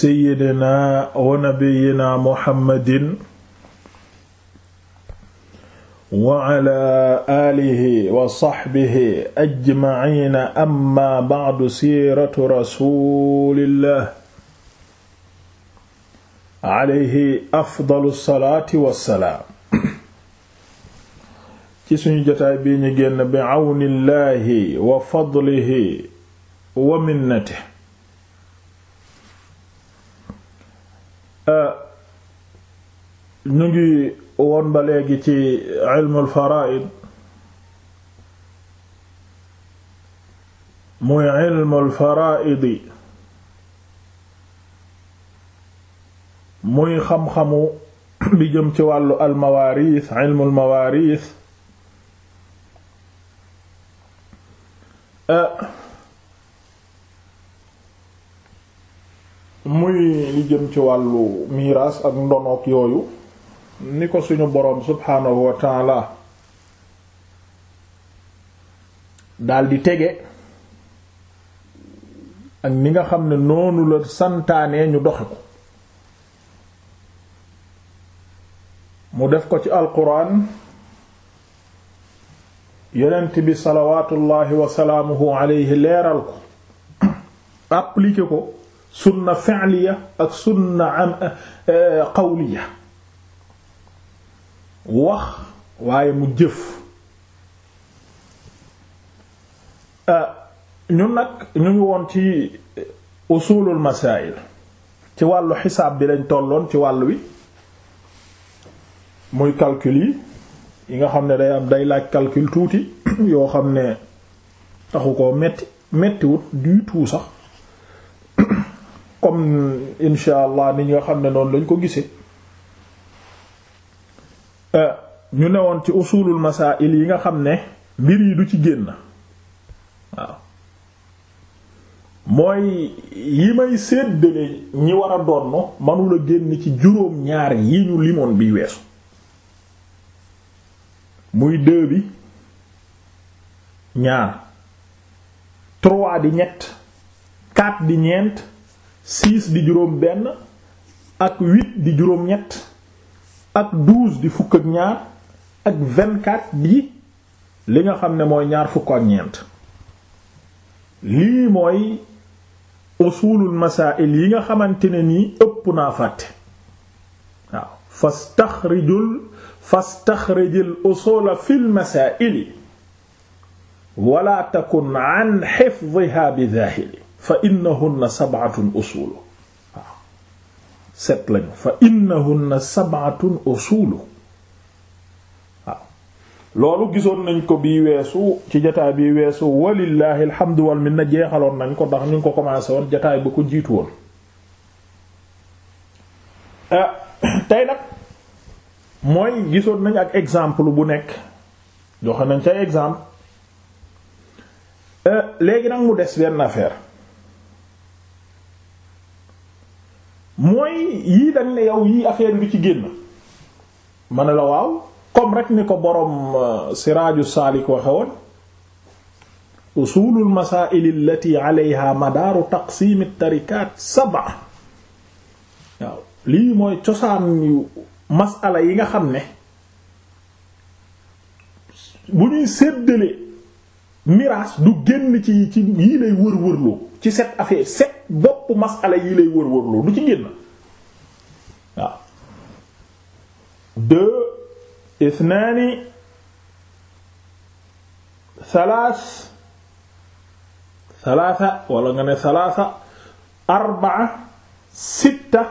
seyyidina wa nabiyina muhammadin wa ala alihi wa saxbihi ajmaciina amma bacdu siiratu rasulillah alayhi afdalu salaati wa salaam. ci suñu jotaay bii ñu génn bi cawnillahi wa fadlihi wa minnatihi ñu ngi won ba léegi ci ilmul faraa'id muy ilmul faraa'idi muy xam-xamu bi jëm ci wàllu almawaaris ilmul mawaaris eh, muy li jëm ci wàllu miraas ak ndonook yooyu ni ko suñu boroom subhaanahu wa taala daldi tege ak ni nga xam ne noonu la santaanee ñu doxe ko mu def ko ci alquran yonent bi salawaatullaahi wasalaamuhu alayhi leeral ko appliqué ko sunna fi'liya ak sunna am eh, qawliya wax waaye mu jëf euh, ñun nag ñu ngi woon ci usulul masail ci wàllu xisaab bi lañ tolloon ci wàll wi muy calcul yi yi nga xam ne day am day laaj calcul tuuti yoo xam ne taxu ko metti mettiwut du tout sax comme insha allah nga xam ne noonu lañ ko gisee Euh, ñu ne woon ci usulul masail yi nga xam ne mbir yi du ci génn waaw mooy yi may séddale ñi war a donn manula génn ci juróom ñaar yi ñu limoon bi weesu muy deux bi ñaar trois di ñett quatre di ñeent six di juróom benn ak huit di juróom ñett ak douze di fukk ak ñaar ak vingt li nga xam ne mooy ñaar fukk ak ñeent lii mooy usulul masail yi nga xamante ne nii ëpp naa fàtte waaw fastaxrijul fastaxrijil usula fil masaili wala takun an xifdiha bi daahili fa innahunna sab'atun usulu set lañu fa innahunna sab'atun usulu waaw loolu gisoon nañ ko bii weesu ci jataay bii weesu walillahi alhamdu wal na jeexaloon nañ ko ndax ñu ko commencé woon jataay ba ko jiitu woon ah, tey nag mooy gisoon nañ ak exemple bu nekk joxe nañ ca exemple eh, léegi nag mu des benn affaire mooy yii dañ ne yow yii affaire bi ci génn ma ne la waaw comme rek ni ko borom euh, siraaju saalik waxe woon usulul masaa'il allati alayha taqsiim at-tarikaat waaw lii mooy cosaan yu masala yi nga xam ne bu ñuy séddale miraas du génn ci yii lay wër wërloo ci set affaire set bopp masala yi lay wër wër lu du ci génn waaw deux isnaani salaas salaasa wala nga ne salaasa arbaa sitta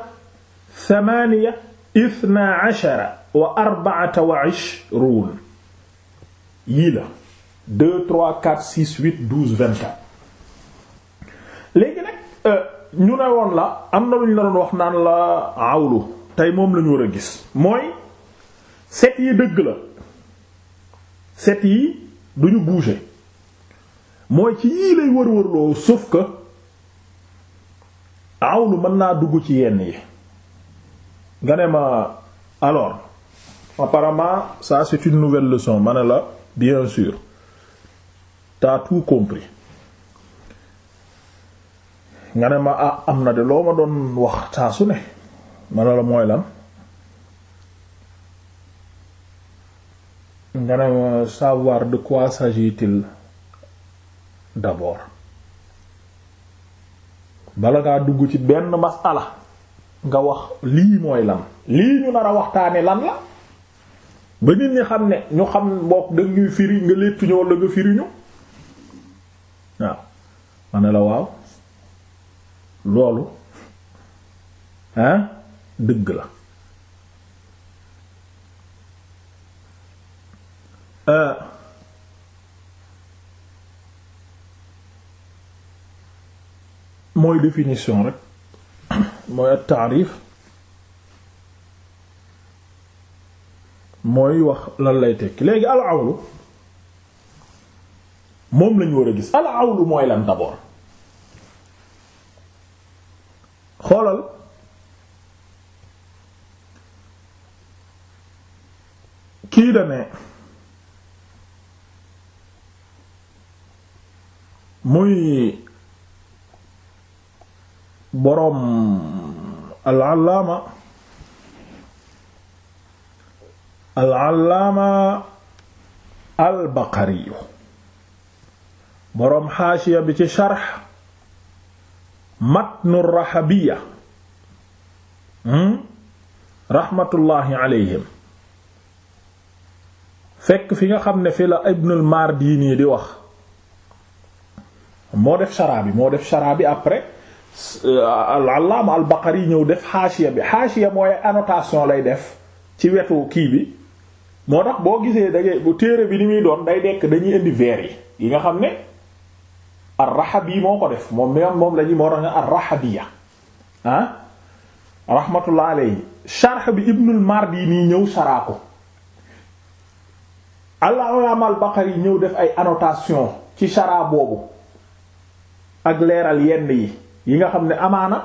thamaaniya ithnaa ashara wa arbaata wa ishruun yii la deux trois quatre six huit douze vingt-quatre Euh, ñu ne woon la am na lu ñu la doon wax naan la awlu tey moom lañu war a gis mooy set yi dëgg la set yi duñu bouger mooy ci yii lay wër wër loo sauf que awlu mën naa dugg ci yenn yi nga ne ma alors apparemment ça c'est une nouvelle leçon ma ne la bien sûr t'as tout compris nga ne ma ah, am na de loo ma doon wax saa su ne ma la mooy lan nga ne ma savoir de quoi s'agit-il d'abord bala ngaa dugg ci benn masala nga wax lii mooy lan lii ñu nar a waxtaane lan la ba nit ñi xam ne ñu xam bokk da ñuy firi nga léttuñu walla nga firiñu waaw ma ne la waaw loolu ah dëgg la euh, mooy définition rek mooy at mooy wax lan lay tekki léegi al moom lañu war a gis al mooy lan d'abord xoolal kii da muy boroom al-allaama al-allaama al-Baqariyu boroom xaasiya bi ci sharh matnu rahabiya hmm? rahmatullahi alayhim fekk fi nga xam ne fi la ibnul mardini di wax moo def sharaa bi moo def sharaa bi après euh, al-allaama al-baqari ñëw def xaasiya bi xaasiya mooy annotation lay def ci wetu kii bi moo tax boo gisee da ngay bu téere bi ni muy doon day dekk dañuy indi yi yi nga xam ne ar-Rahabi moo ko def moom même moom la ñuy moo tax nga ar-Rahabiya ah rahmatullah alayhi sharh bi Ibnul Mardini ñëw saraa ko al-Imam al-Baqari ñëw def ay annotation ci shara boobu ak leeral yenn yi yi nga xam ne amaana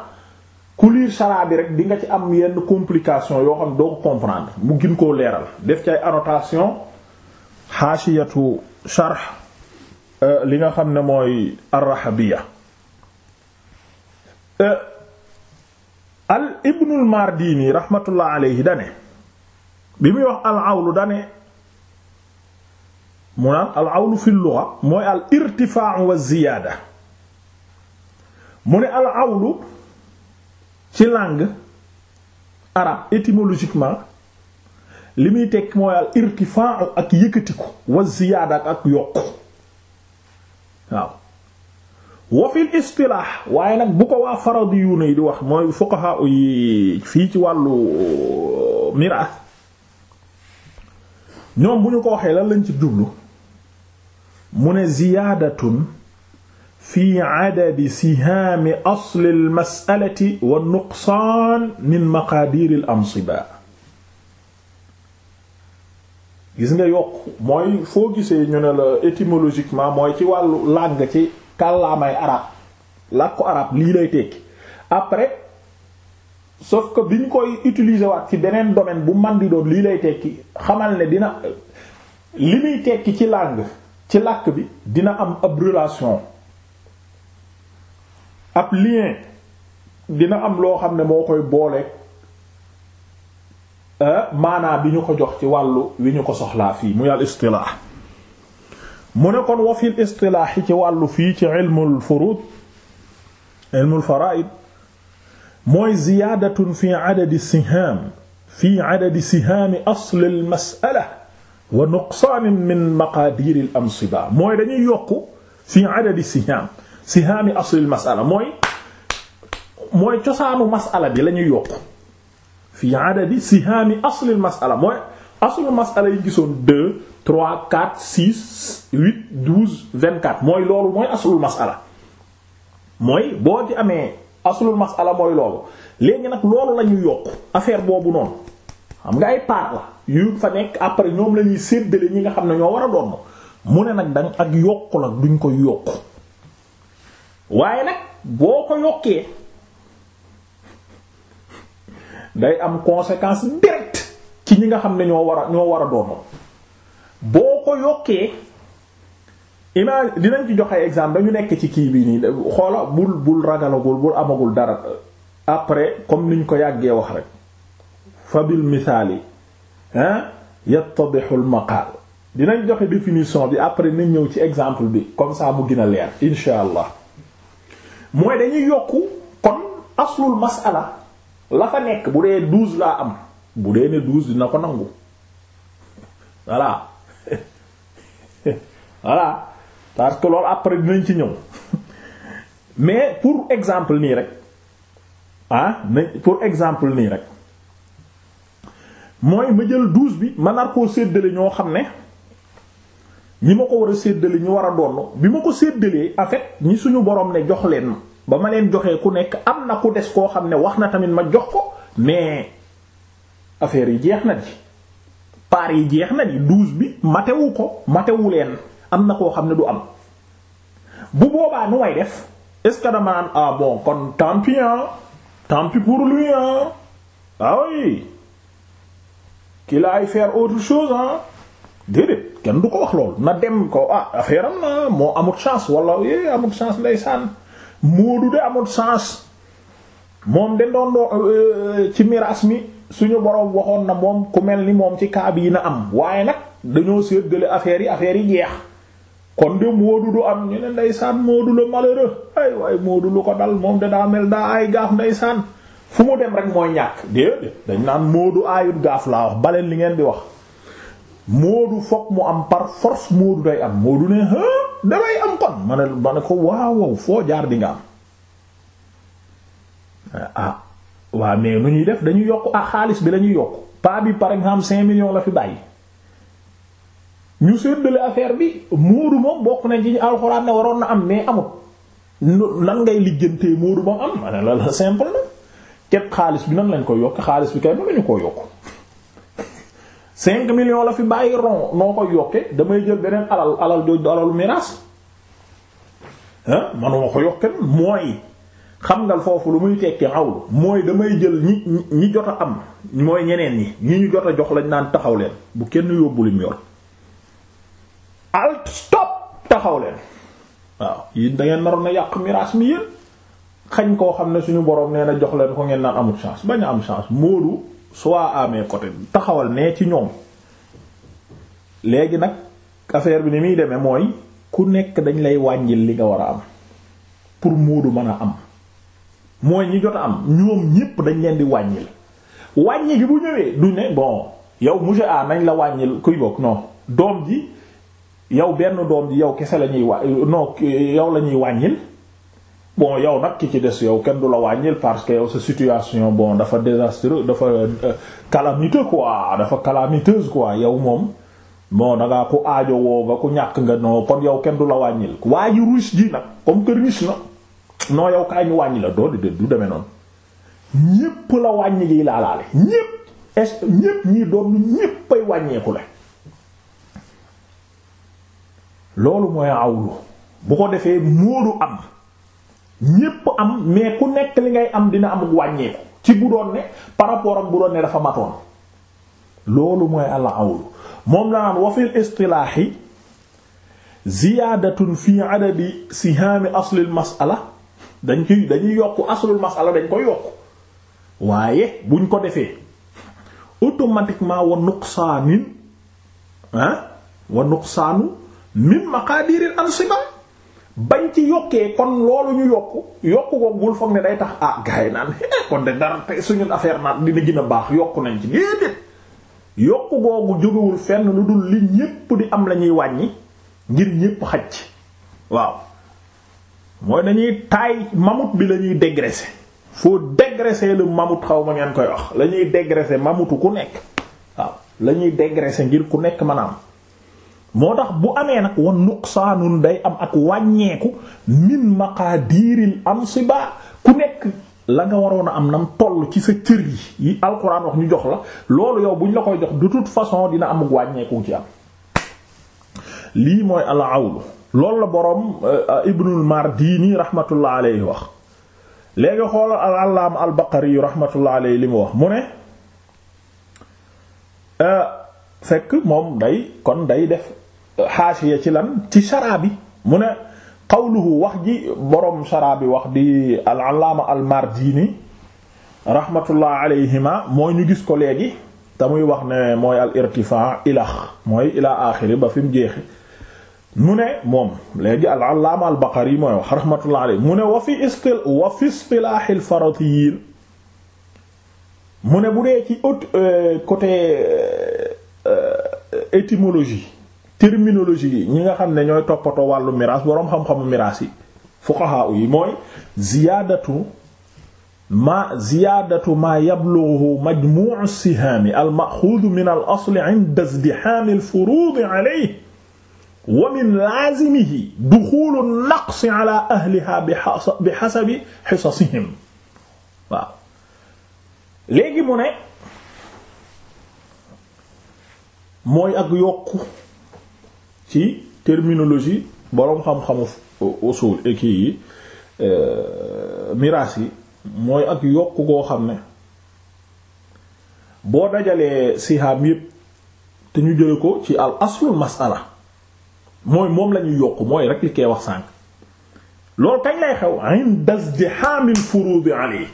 ku liir bi rek di nga ci am yenn complication yoo xam doo ko comprendre mu gën koo leeral def ci ay annotation haashiyatu sharh Euh, li nga xam ne mooy arrahabiya euh, al ibnul mardini rahmatullah alayhi dane bi muy wax al awlu dane mu naan al awlu fi lugha mooy al irtifaa wa ziyaada mu ne al awlu ci langue arabe étymologiquement li muy tekk mooy al irtifaa ak yëkkatiku wa ziyaada ak ak yokku waaw wa fil istilaax waaye nag bu ko waa faradiyuuna yi di wax mooy fuqaha yi fii ci wàllu uh, miraas ñoom bu ñu ko waxee lan lañ ci jublu mu ne ziyaadatun fi adadi sihaami asli al masalati wa nuqsaan min maqaadiir al ansiba gis nga yokk mooy foo gisee ñu ne la étymologiquement mooy ci wàllu langue ci kàllaamay arab làkku arab lii lay tekki après sauf que bi ñu koy utiliser waat ci beneen domaine bu man di doon lii lay tekki xamal ne dina li muy tekki ci langue ci làkk bi dina am ab relation ab lien dina am loo xam ne moo koy booleek Euh, maanaa bi ñu ko jox ci wàllu wi ñu ko soxlaa fii muy al istilaax mu ne kon wa fil istilaax yi ci wàllu fii ci ilmul furuud ilmul faraa'id mooy ziyaadatun fi adadi sihaam fi adadi sihaami asli al mas'ala wa nuqsaan min maqaadir al ansiba mooy dañuy yokk fi adadi sihaam sihaami asli al mas'ala mooy mooy cosaanu mas'ala bi lañuy yokk fi adadi sihaami aslil masala mooy aslul masala yi gisoon 2 3 4 6 8 vingt 24 mooy loolu mooy aslul masala mooy boo di amee aslul masala mooy loolu léegi nag loolu la yokk affaire boobu noonu xam nga ay part la yu fa nekk après ñoom la ñuy séddale ñi nga xam ne ñoo war a doon mu ne nag danga ak yokku la duñ koy yokk waaye nag boo ko yokkee day am conséquence directe ki ñi nga xam ne ñoo war a ñoo war a doonoo boo ko yokkee imaam dinañ ci joxe exemple dañu nekk ci kii bii nii xoola bul bul ragalagul bul amagul dara après comme niñ ko yàggee wax rek fa bil misaali hein yattadixu al maqaal dinañ joxe définition bi après niñ ñëw ci exemple bi comme ça mu gën a leer insha allah mooy dañuy yokku kon aslul masala la fa nekk bu dee douze laa am bu dee ne douze dina ko nangu voilà voilà parce que loolu après dinañ ci ñëw mais pour exemple nii rek ah pour exemple nii rek mooy ma jël douse bi ma nar koo séddale ñoo xam ne ñi ma ko war a séddale ñu war a doon bi ma ko séddalee en ñi suñu borom ne jox leen ma ba ma leen joxee ku nekk am na ku des koo xam ne wax na tamit ma jox ko mais affaire yi jeex na di paar yi jeex na di douze bi matewu ko matewu leen am na koo xam ne du am bu boobaa nu way def est ce que dama naan ah bon kon tant pis hein tant pis pour lui hein ah oui qu'il aille autre chose déedéet kenn du ko wax lool na dem ko ah affaire am na moo amut chance wala eh amut chance ndeysaan Moodu de amul chance moom de doon euh, ci miraas mi suñu boroom waxoon na moom ku mel ni moom ci kaab yi na am waaye nag dañoo séddale affaire yi affaire yi jeex kon de Moodu du am ñu ne ndeysaan Moodu la malheureux ay waaye lu ko dal moom de daa mel daa ay gaaf ndeysaan fu mu dem rek mooy ñàkk déedéet dañ naan Moodu aayut gaaf laa wax baleen li ngeen di wax moodu fokk mu am par force moodu day am moodu ne hë damay am kon ma ne ma ne ko waaw foo jaar di nga am ah waa mais nu ñuy def dañu yokk ah xaalis bi lañuy yokk paa bi par exemple cinq millions la fi bàyyi ñu séddale affaire bi moodu moom bokk nañ ci alxuraan ne waroon na am mais amut nan ngay lijjantee moodu moom am ma la la simple na teg xaalis bi nan lañ koy yokk xaalis bi kay mënuñu koo yokk cinq millions la fi bàyyi ron noo koy yokke damay jël beneen alal alal jooj du alalu miraas ah manuma ko yokke mooy xam nga foofu lu muy tekki awlu mooy damay jël ñi ñi jot a am mooy ñeneen ñi ñi ñu jot a jox lañ naan taxaw leen bu kenn yóbbu lim yor alt stop taxaw waaw yi da ngeen naroon na yàq miraas mi yéen xañ koo xam ne suñu borom nee na jox leen ko ngeen naan amul chance bañ am chance Moodu soit amee côté taxawal nee ci ñoom léegi nag affaire bi ni muy demee mooy ku nekk dañ lay wàññil li nga war a am pour Moodu mën a am mooy ñi jot am ñoom ñépp dañ leen di wàññil wàññi gi bu ñëwee du ne bon yow monsieur A nañ la wàññil kuy bokk noo doom ji yow benn doom ji yow kese lañuy ñuy wa non yow la ñuy wàññil bon yow nag ki ci des yow kenn du la wàññil parce que yow sa situation bon dafa désastreux dafa euh, calamiteux quoi dafa calamiteuse quoi yow moom bon da ngaa ko aajo woo nga ku ñàkk nga noo kon yow kenn du la wàññil waa ji riche ji nag comme kër riche na noo yow kaay ñu wàññi la doole du demee noonu ñépp la wàññi liy laalaale ñépp est ñépp ñii doon ñéppay wàññeeku la loolu mooy awlu bu ko defee moodu am. ñépp am mais ku nekk li ngay am dina am wàññeeku ci bu doon ne par rapport ak bu doon ne dafa matoon loolu mooy al awlu moom la naan wa fil istilaahi fi adadi sihaami aslil masala dañ koy dañuy yokk aslul masala dañ koy yokk waaye buñ ko defee automatiquement wa nuqsaanin ah wa nuqsaanu min maqaadiril ansiba bañ ci yokkee kon loolu ñu yokk yokk ko bul foog ne day tax ah gars yi naan kon de dara te suñu affaire naan dina gën a baax yokk nañ ci déedéet yokk googu jógewul fenn lu dul li ñépp di am la ñuy wàññi ngir ñépp xaj waaw mooy dañuy taay mamut bi la ñuy dégraisser faut dégraisser le mammouth xaw ma ngeen koy wax lañuy ñuy dégraisser ku nekk waaw lañuy ñuy ngir ku nekk maanaam moo tax bu amee nag wan nuqsaanun day am ak wàññeeku min maqaadiril amsiba ku nekk la nga waroon a am nam toll ci sa cër yi yi alquran wax ñu jox la loolu yow buñ la koy jox de toute façon dina am wàññeeku ci am lii mooy al awlu la boroom euh, ibnul mardini rahmatullah alayhi wax léegi xoolal al allaam al baqari li mu wax mu ne euh, fekk moom day kon day def euh, xaasiya ci lan ci sharaa bi mu ne qawluhu wax ji boroom sharaa bi wax di al-allaama al-Mardini rahmatullah alayhima mooy ñu gis ko léegi te muy wax ne mooy al irtifaa ilax mooy ilaa aaxiri ba fi mu jeexe mu ne moom léegi al allaama al baqari mooy wax rahmatullah alayhi mu ne wa fi istil wa fi istilaahi al mu ne bu dee ci euh, côté euh, étymologie terminologie yi ñi nga xam ne ñooy toppatoo wàllu miraas boroom xam-xamu miraas yi fuqaha yi mooy ziyaadatu ma ziyaadatu ma yablughu majmu'u sihaami al-ma'xuudu min al-asli 'inda izdihaami al-furuudi 'alayhi wa min laazimihi duxuulu an-naqsi 'alaa ahlihaa bi hasabi hisasihim waaw léegi mu ne mooy ak yokk ci terminologie boroom xam-xamu usul eki yi euh, miraas yi mooy ak yokk goo xam ne boo dajalee sihaam yépp te ñu jële ko ci al aslul masala mooy moom lañuy yokk mooy rek li koy wax sànq loolu kañ lay xew inda izdihaamil furuud alayhi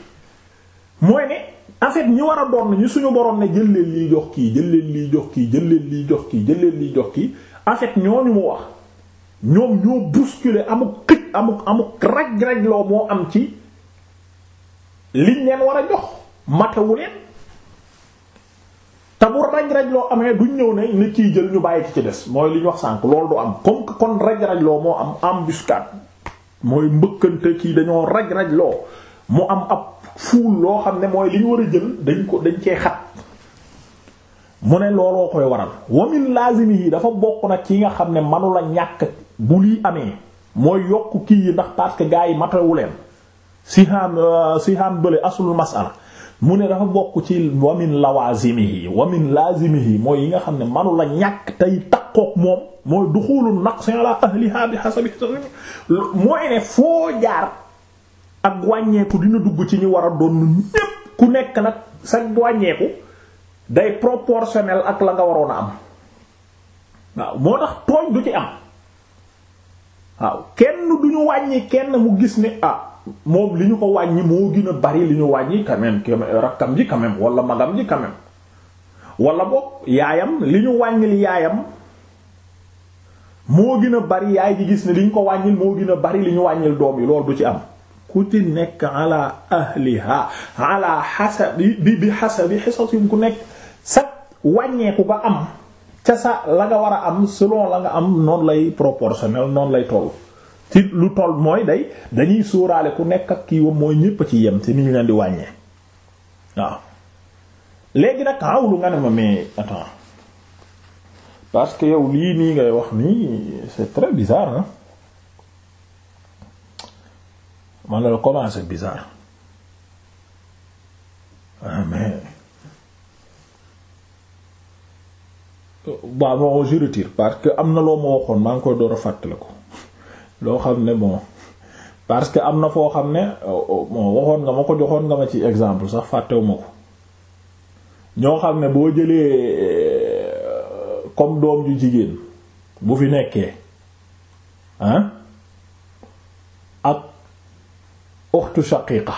mooy ne en fait ñi war a doon ñu suñu boroom na jël leen liy jox kii jël leen liy jox kii jël leen liy jox kii jël leen liy jox kii en fait ñooñu mu wax ñoom ñoo bousculer amuk xëj amuk amuk raj-raj moo am ci liñ leen jox matewu leen te bu raj loo amee duñ ñëw ne ne kii jël ñu bàyyi ki ci des mooy li ñu wax sànk am comme raj-raj loo moo am embuscade mooy mbëkkante kii dañoo raj-raj loo mu am ab fuul loo xam ne mooy liñ war a jël dañ ko dañ cee xat mu ne looloo koy waral wamin lazimi yi dafa bokk nag ci nga xam ne manula ñàkk bu lii amee mooy yokk kii yi ndax parce gaa yi matewu leen sihaan euh, sihaan bële aslul masala mu ne dafa bokk ci wamin lawazimi yi wamin lazimi yi mooy yi nga xam ne manula ñàkk tey takkook moom mooy duxulu naqsi ala ahliha bi hasabi mooy ne foo jaar ak wàññeeku dina dugg ci ñu war a doon ñépp ku nekk nag sa wàññeeku day proportionnel ak la nga waroon a am waaw moo tax tooñ du ci am waaw kenn du ñu wàññi kenn mu gis ne ah moom li ñu ko wàññi moo gën a bari li ñu wàññi wala magam ji wala yaayam li ñu wàññil yaayam moo gën a bari yaay ji gis ne li ñu ko wàññil moo gën a bari li ñu wàññil doom yi loolu du ci am ku ci nekk ala ahliha ala xasabi bi bi xasabi xisasum ku nekk sag wàññeeku nga am ca sa la nga war a am selon la nga am noon lay proportionnel noonu lay toll ci lu toll mooy day dañuy sóoraale ku nekk ak kii wam mooy ñépp a ci yem te ni ñu leen di wàññee waaw léegi nag awlu nga parce que yow lii nii ngay wax nii c'est très bizarre man la commencé bizarre ah, mais waaw moo je parce que am na loo ma waxoon maa ngi koy door a fàttale ko loo xam ne bon parce que am na foo xam ne bon waxoon nga ma ko joxoon nga ma ci exemple sax fàttewu ma ko ñoo xam ne boo jëlee euh, comme doom ju jigéen bu fi nekkee ah uxtu shaqiiqa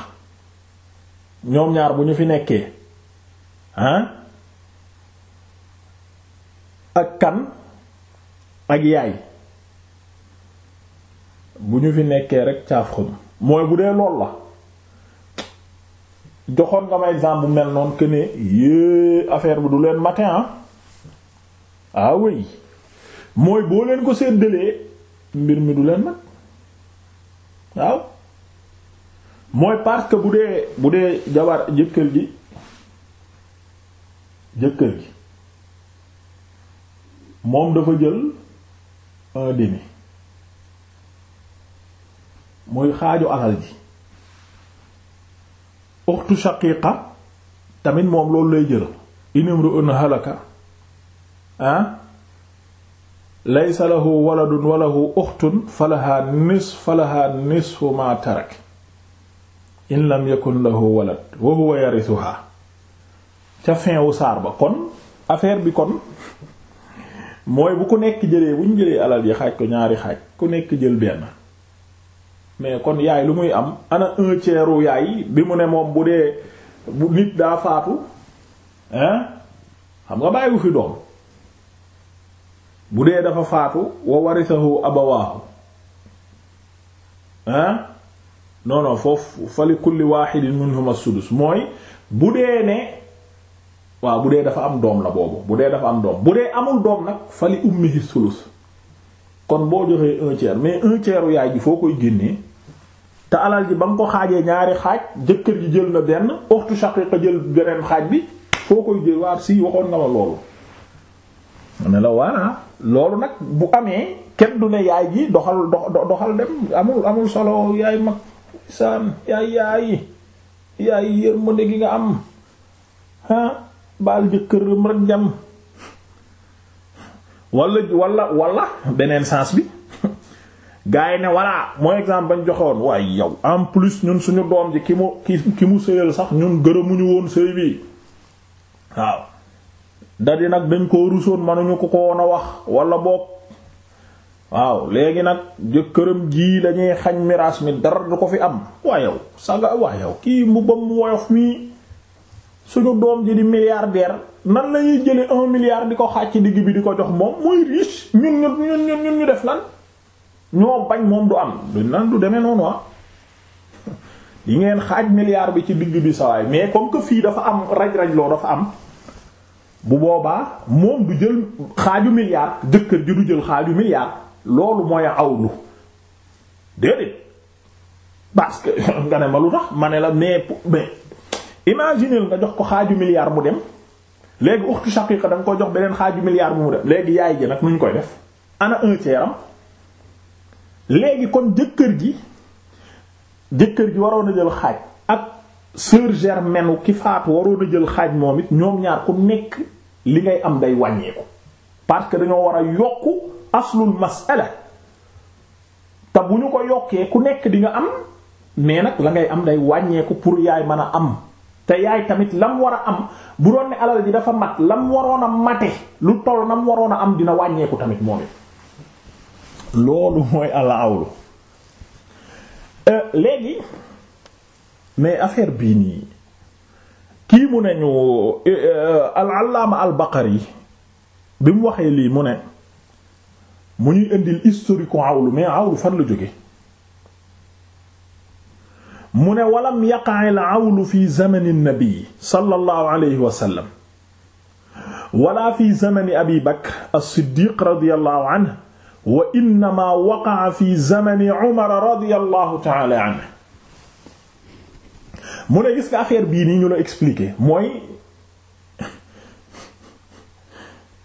ñoom ñaar bu ñu fi nekkee ah ak kan ak yaay bu ñu fi nekkee rek caaf xam mooy bu dee lool la joxoon nga ma exemple bu mel noonu que yée affaire bi du leen matin ah ah oui mooy boo leen ko séddalee mbir mi du leen mat waaw mooy parce que bu dee bu dee jabar jëkkër ji jëkkër ji moom dafa jël un demi mooy xaaju alal ji uxtu shaqiqa tamit moom loolu lay jël inimru'un halaka ah laysa lahu waladun walahu uxtun falaha nisf falaha nisfu ma tarak in lam yakun lahu walad wa huwa yarithuha ca fin wu saar ba kon affaire bi kon mooy bu ku nekk jëlee buñ jëlee alal yi xaaj ko ñaari xaaj ku nekk jël benn mais kon yaay lu muy am ana un yaay bi mu ne moom bu dee bu nit daa faatu hein xam nga bàyyiwu fi doom bu dee dafa faatu wa warisahu abawaahu hein non foofu fa li kulli wahidin minhum as-sudus mooy bu dee ne waaw bu dee dafa am doom la boobu bu dee dafa am doom bu dee amul doom nag fa li ummihi kon boo joxee un mais un yaay ji foo koy génnee te alal ji ba nga xaajee ñaari xaaj jëkkër ji jël na benn ukhtu shaqiqa jël beneen xaaj bi foo koy jël si waxoon nga ma ne la waa nag bu amee kenn du ne yaay ji doxal amul solo yaay mag saam yaay yaay yaay yërmande gi nga am ah baal jëkkëram rek jam wala wala wala beneen sens bi gars yi ne voilà moo exemple bañ joxewoon waaye yow en plus ñun suñu doom ji ki mu ki ki mu sëyal sax ñun gërëmuñu woon sëy bi waaw da nag dañ koo rusoon mënuñu ko ko woon a wax walla boog waaw léegi nag jëkkëram ji lañuy xañ miraas mi dara du ko fi am waayow saga waayow kii mbubbam mu woyof mii suñu doom ji di milliardaire nan lañuy jële un milliard di ko xàcc digg bi di ko jox moom muy riche ñun ñun ñun ñun ñu def lan ñoo bañ moom du am nan du demee noonu ah yi ngeen xaaj milliard bi ci digg bi sawaay mais comme que fii dafa am raj-raj loo dafa am bu boobaa moom du jël xaaju milliard jëkkër ji du jël xaaju milliard loolu mooy awlu déedéet parce que nga ne ma lu tax ma ne la mais mais imaginer nga jox ko xaaju milliard mu dem léegi uxtu shaqiqa da nga jox beneen xaaju milliard bu mu dem léegi yaay ji nag nu ñu koy def ana un tiers am léegi kon jëkkër ji jëkkër ji waroon a jël xaaj ak sœur germaine ki faatu waroon a jël xaaj moom it ñoom ñaar ku nekk li ngay am day wàññeeku parce que dañoo war a yokku aslul masala te bu ñu ko yokkee ku nekk dinga am mais nag la ngay am day wàññeeku pour yaay mën a am te yaay tamit lam war a am bu doon ne alal ji dafa mat lam waroon a mate lu toll nam waroon a am dina wàññeeku tamit moo it loolu mooy alaawlu euh, léegi mais affaire bii nii kii mu ne ñu euh, al-Allaama al-Baqari bi mu waxee lii mu ne mu ñuy indil historique awlu mais awlu fan la jóge mu ne walam yaqa'il awlu fi zamani nabi sallallahu alayhi wa sallam wala fi zamani abi bakr as-siddiq radiyallahu anhu wa innama waqa'a fi zamani umar radiyallahu ta'ala anhu mu ne gis nga affaire bii nii ñu la expliquer mooy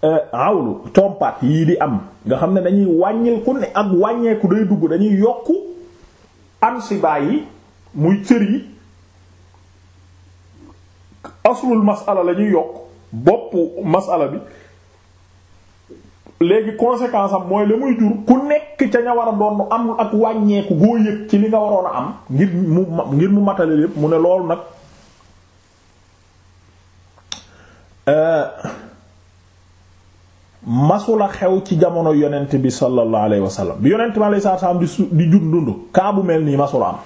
Euh, awlu compaat yii di am nga xam ne dañuy wàññil ku ne ak wàññeeku day dugg dañuy yokk ansiba yi muy cër yi aslul masala la yokk boppu masala bi léegi conséquence am mooy la muy jur ku nekk ca ña war a doon am ak wàññeeku goo yëg ci li nga waroon a am ngir mu ngir mu matale lépp mu ne loolu nag euh, masula xew ci jamono yonent bi sallallahu alayhi wa sallam bi yonent bi alayhi salaam di su di jun dund kaa bu mel nii masula am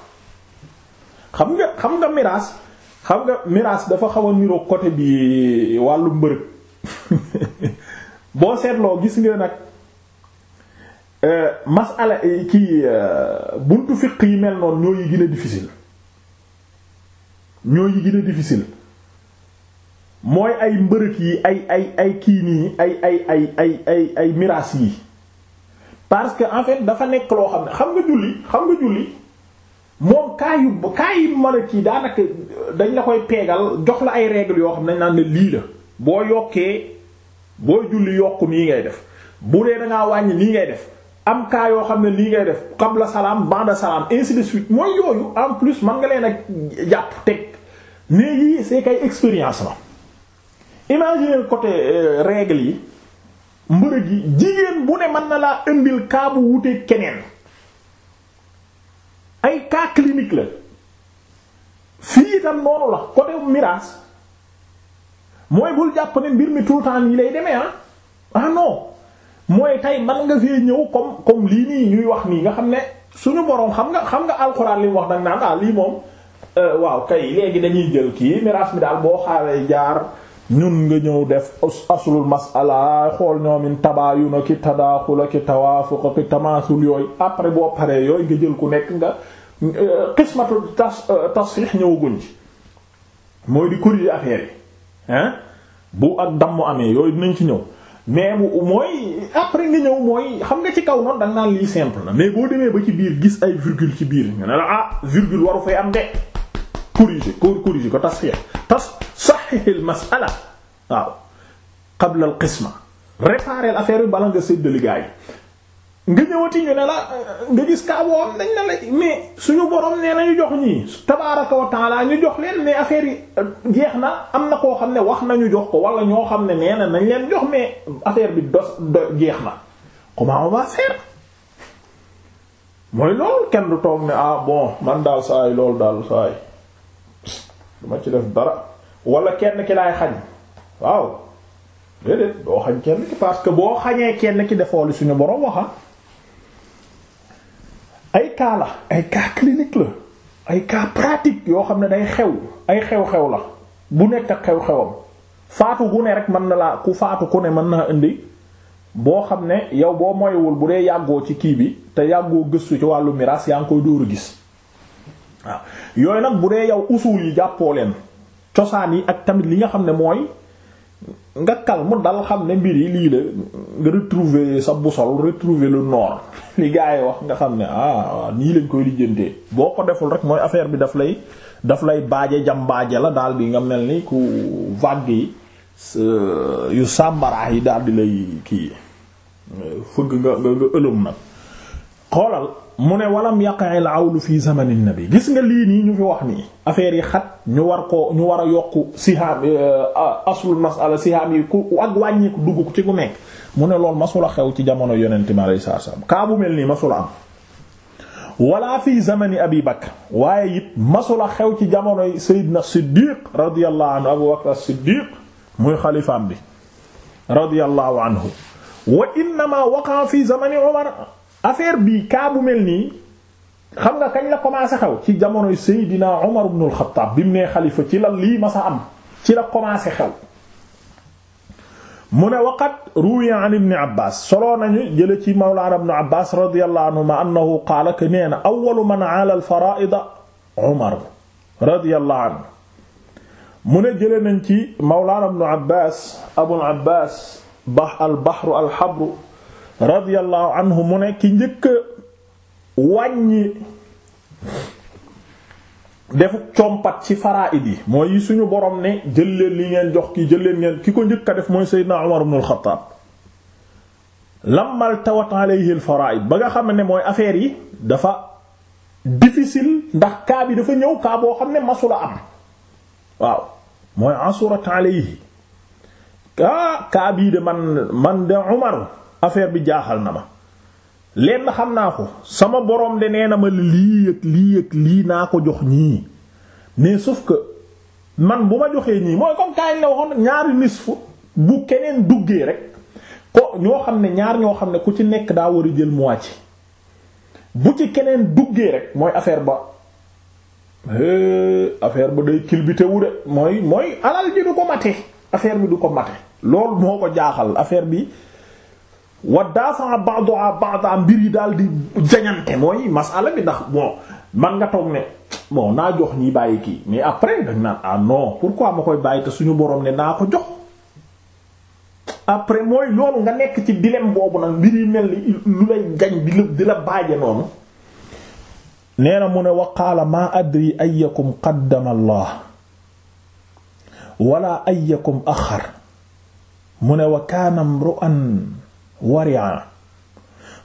xam nga xam nga miraas xam nga miraas dafa xaw a niroo côté bi wàllu mbërëg boo seetloo gis nga nag euh, masala ki euh, buntu fiq yi mel noonu ñoo yi gën a difficile ñoo yi gën a difficile mooy ay mbërëk yi ay ay ay kii nii ay ay ay ay ay ay miraas yi parce que en fait dafa nekk loo xam ne xam nga julli xam nga julli moom kaa yu kaa yi mën a kii daanaka dañ la koy peegal jox la ay règles yoo xam ne dañ naan ne lii la boo yokkee boo julli yokk nii ngay def bu dee da ngaa wàññi nii ngay def am kaa yoo xam ne nii ngay def la salaam ba'da salaam ainsi de suite mooy yooyu en plus man nga leen a jàpp teg mais yii c'est kay expérience la. imagine côté euh, règle yi mbërëg yi jigéen bu ne mën na laa indil cas bu keneen ay cas clinique la fii itam noonu la côté miraas mooy bul jàpp ne mbir mi tout le temps yi lay demee ah ah non mooy tey man nga fee ñëw comme comme lii nii ñuy wax nii nga xam ne suñu boroom xam nga xam nga alxuraan li mu wax danga naan ah lii moom euh, waaw kay léegi dañuy jël kii miraas mi daal boo xaaree jaar. ñun nga ñëw def aslul masala xool ñoomin tabaayuna ki tadaaxula ki tawaafuqa ki tamaasul yooyu après boo paree yooyu nga jël ku nekk nga xismatu euh, tas euh, tasxiix ñëwaguñ ci mooy di corriger affaire yi hein bu ak yooyu dinañ ci ñëw mais mooy après nga ñëw mooy xam nga ci kaw noonu danga naan lii simple mais boo demee ba ci biir gis ay virgule ci biir nga ne la ah virgule waru fay de corriger corriger tas saxixil masala waaw qabla al qisma réparer bi bala nga séddali gaa yi nga ñëwati ñu ne la nga gis kaa boo am dañ ne la mais suñu borom nee nañu jox ñii tabaaraka wa taala ñu jox leen mais affaire yi euh, jeex na am na koo xam ne wax nañu jox ko wala ñoo xam ne nee na nañ leen affaire bi dos do jeex na comment on va faire mooy loolu kenn du toog ne ah bon man daal saay loolu daal saay duma ci def dara wala kenn ki laay xañ waaw déedéet doo xañ kenn ki parce que boo xañee kenn ki defoo li suñu borom waxa ah. ay cas la ay cas clinique la ay cas pratique yoo xam ne day xew ay xew-xew la bu nekk ak xew-xewam faatu gu ne rek mën na laa ku faatu ku ne mën naa indi boo xam ne yow boo moywul bu dee yàggoo ci kii bi te yàggoo gëstu ci wàllu miraas yaa ngi koy dóoru gis waaw yooyu nag bu dee yow usul yi jàppoo leen cosaan yi ak tamit li nga xam ne mooy nga kal mu dal xam ne mbir yi lii la nga retrouver sa busol retrouver lu nord li gaa wax nga xam ne ah nii lañ koy lijjantee boo ko deful rek mooy affaire bi daf lay daf lay baaje jam baaje la daal bi nga mel ni ku vague yi yu yi daal di lay kii fëgg nga nga ëlëm nag xoolal mu ne walam yaqa'il awlu fi zamani nabi gis nga lii nii ñu fi wax nii affaire yi xat ñu war ko ñu war a yokk sihaam euh, aslul masala sihaam yi ku ak wàññiku dugg ko ci ku nekk mu ne loolu masula xew ci jamono yonente mi aleyi saatu salaam kaa bu mel nii masula am wala fi zamani abi bakr waaye it masula xew ci jamonoy sayyidna siddiq radiyallahu anhu abu bakr as-siddiq muy xalifaam bi radiyallahu anhu wa innama waqa fi zamani umar affaire bi kaa bu mel nii xam nga kañ la commencé xew ci jamonoy Seydina Omar ibn al-Khattab bi mu nee xalifa ci la lii masa am ci la commencé xew mu ne waqat ruwiya an ibni abbas soloo nañu jële ci mawlaana ibnu abbas radiyallahu anhuma annahu qaala ke nee na awalu man aala alfaraida omar radiyallahu anhu mu ne jële nañ ci mawlaana ibnu abbas abul abbas ba al bahru al habru radiyallahu anhu mu ne ki njëkk wàññi defu compat ci faraa'id yi mooy yi suñu borom ne jël leen li ngeen jox ki jël leen ngeen ki ko njëkk def mooy Seydina Umar ibn al-Khattab lammal tawat ba nga xam ne mooy affaire yi dafa difficile ndax kaa bi dafa ñëw kaa boo xam ne masula am waaw mooy asurat alayhi kaa bii de man man de Umar affaire bi jaaxal na ma lenn xam naa ko sama borom de nee na ma lii ak lii ak lii naa ko jox ñii mais sauf que man bu ma joxee ñii mooy comme kaay la waxoon ñaari nisfu bu keneen duggee rek ko ñoo xam ne ñaar ñoo xam ne ku ci nekk daa war a jël moitié bu ci keneen duggee rek mooy affaire ba affaire ba day kilbite wu de mooy mooy alal ji du ko mate affaire bi du ko mate loolu moo ko jaaxal affaire bi. wa dafa ba'daha ba'da mbir yi daal di jañante mooy masala bi ndax bon man nga toog ne naa jox ñii bàyyi kii mais après dañ naan ah non pourquoi ma koy bàyyi te suñu borom ne naa ko jox après mooy loolu nga nekk ci dilemme boobu nag mbir yi mel ni lu lay jañ di la di la baaje noonu nee mu ne wa qaala maa adri ayakum qaddama allah wala ayakum axar mu ne wa kaana mru'an wariana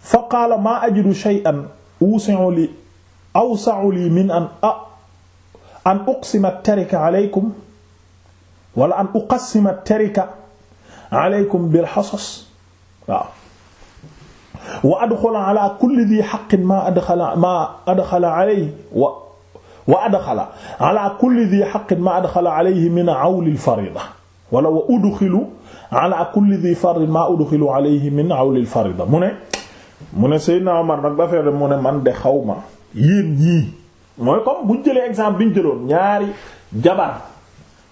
fa qaala maa ajidu shay'an usi'u li awsa'u li min an an uqsima tarika alaykum wala an uqassima tarika alaykum bil hasas waaw wa adxala ala kulli di xaqin maa adxala maa adxala alayhi wa wa adxala ala kulli di xaqin maa adxala alayhi min awli al farida wala wa udxilu ala kulli dhi fardin ma udxilu alayhi min awlil farida mu ne mu ne Seydina Omar nag ba feere mu ne man de xaw ma yéen mooy comme buñ jëlee exemple bi ñu jëloon ñaari jabar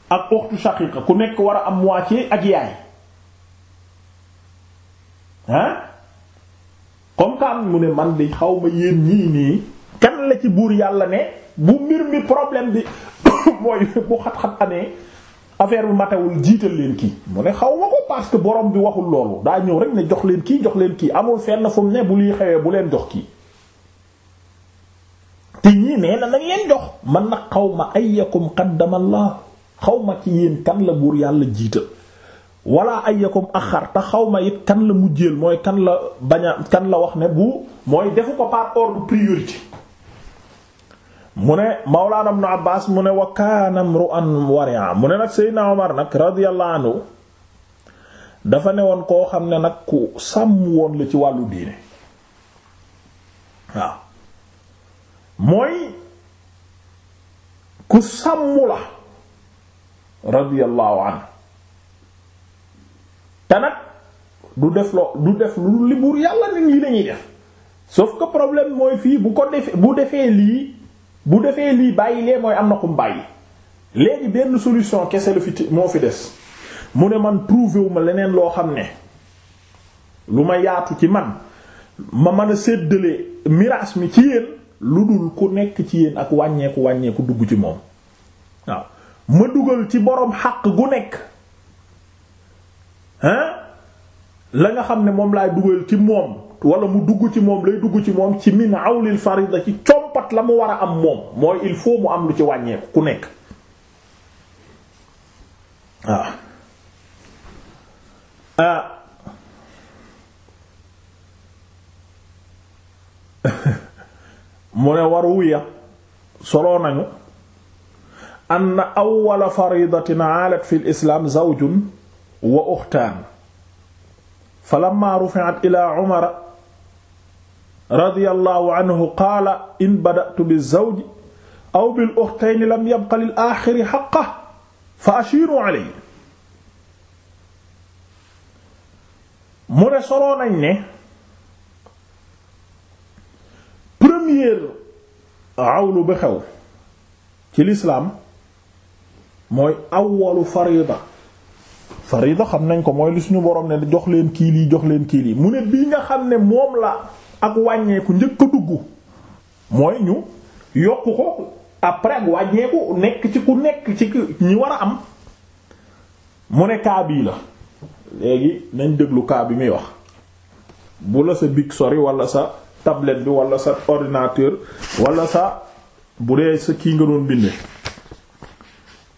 ak uxtu shaqiqa ku nekk war a am moitié ak yaay ah comme que mu ne man de xaw ma yéen ñii nii kan la ci buur yàlla ne bu mbir mi problème bi mooy bu xat-xat amee affaire bi matawul jiital leen kii mu ne xaw ma ko parce que borom bi waxul loolu daa ñëw rek ne jox leen kii jox leen kii amul fenn fu ne bu liy xewee bu leen jox kii te ñii nee na nañ leen jox man nag xaw ma ayyakum qaddama Allah xaw ma ci yéen kan la buur yàlla jiita wala ayyakum axar te xaw ma it kan la mujjeel mooy kan la bañ kan la wax ne bu mooy defu ko par ordre priorité mu ne Mawlaana Ibn Abbaas mu ne wa kaana imru'an wari'a mu ne nag Seydina Omar nag radiyallahu anhu dafa ne woon koo xam ne nag ku sàmm woon la ci wàllu diine waaw mooy ku sàmm la radiyallahu anhu te nag du def loo du def lu li buur yàlla nit ñi lañuy def sauf que problème mooy fii bu ko defee bu defee lii bu defee lii bàyyi lee mooy am na kum bàyyi léegi benn solution kese la fi moo fi des mu ne man trouvé wu ma leneen loo xam ne lu ma yaatu ci man ma mën a séddale miraas mi ci yéen lu dul ku nekk ci yéen ak wàññeeku wàññeeku dugg ci moom waaw ma dugal ci boroom xaq gu nekk hein la nga xam ne moom laay dugal ci moom wala mu dugg ci moom lay dugg ci moom ci min awlil farida ci compat la mu war a am moom mooy il faut mu am lu ci wàññeeku ku nekk waaw ah. ah. mu ne war wuya soloo nañu ann awwala faridatin aalat fi lislaam zawjun wa uxtaan falamma rufi'at ila umara radiyallahu anhu qaala in bada'tu bizawji aw bil ukhtayni lam yabqa lil aaxiri haqqahu fa ashiiru alayhi mu ne soloo nañ ne première awlu ba xew ci lislaam mooy awwalu farida farida xam nañ ko mooy li suñu boroom ne jox leen kii lii jox leen kii lii mu ne bii nga xam ne moom la ak wàññeeku njëkk dugg mooy ñu yokk ko après ak wàññeeku nekk ci ku nekk ci ñi war a am mu ne kaa bii la léegi nañ déglu kaa bi muy wax bu la sa bic sori wala sa tablette bi wala sa ordinateur walla sa bu dee sa kii nga doon binde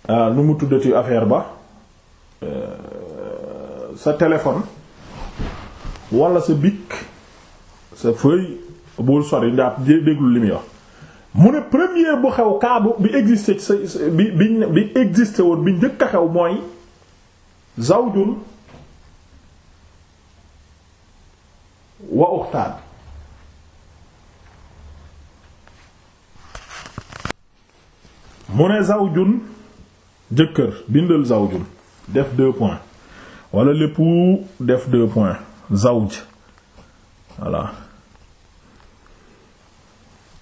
euh, nu mu tuddati affaire ba euh, sa téléphone wala sa bic sa feuille bul sori ndax déglu li muy wax mu ne première bu xew kaabu bi existé bi bi bi existé woon bi njëkk a xew mooy zawjun wa uxtaan mu ne zawjun jëkkër bindal zawjun def deux points wala l'époux def deux points zawj voilà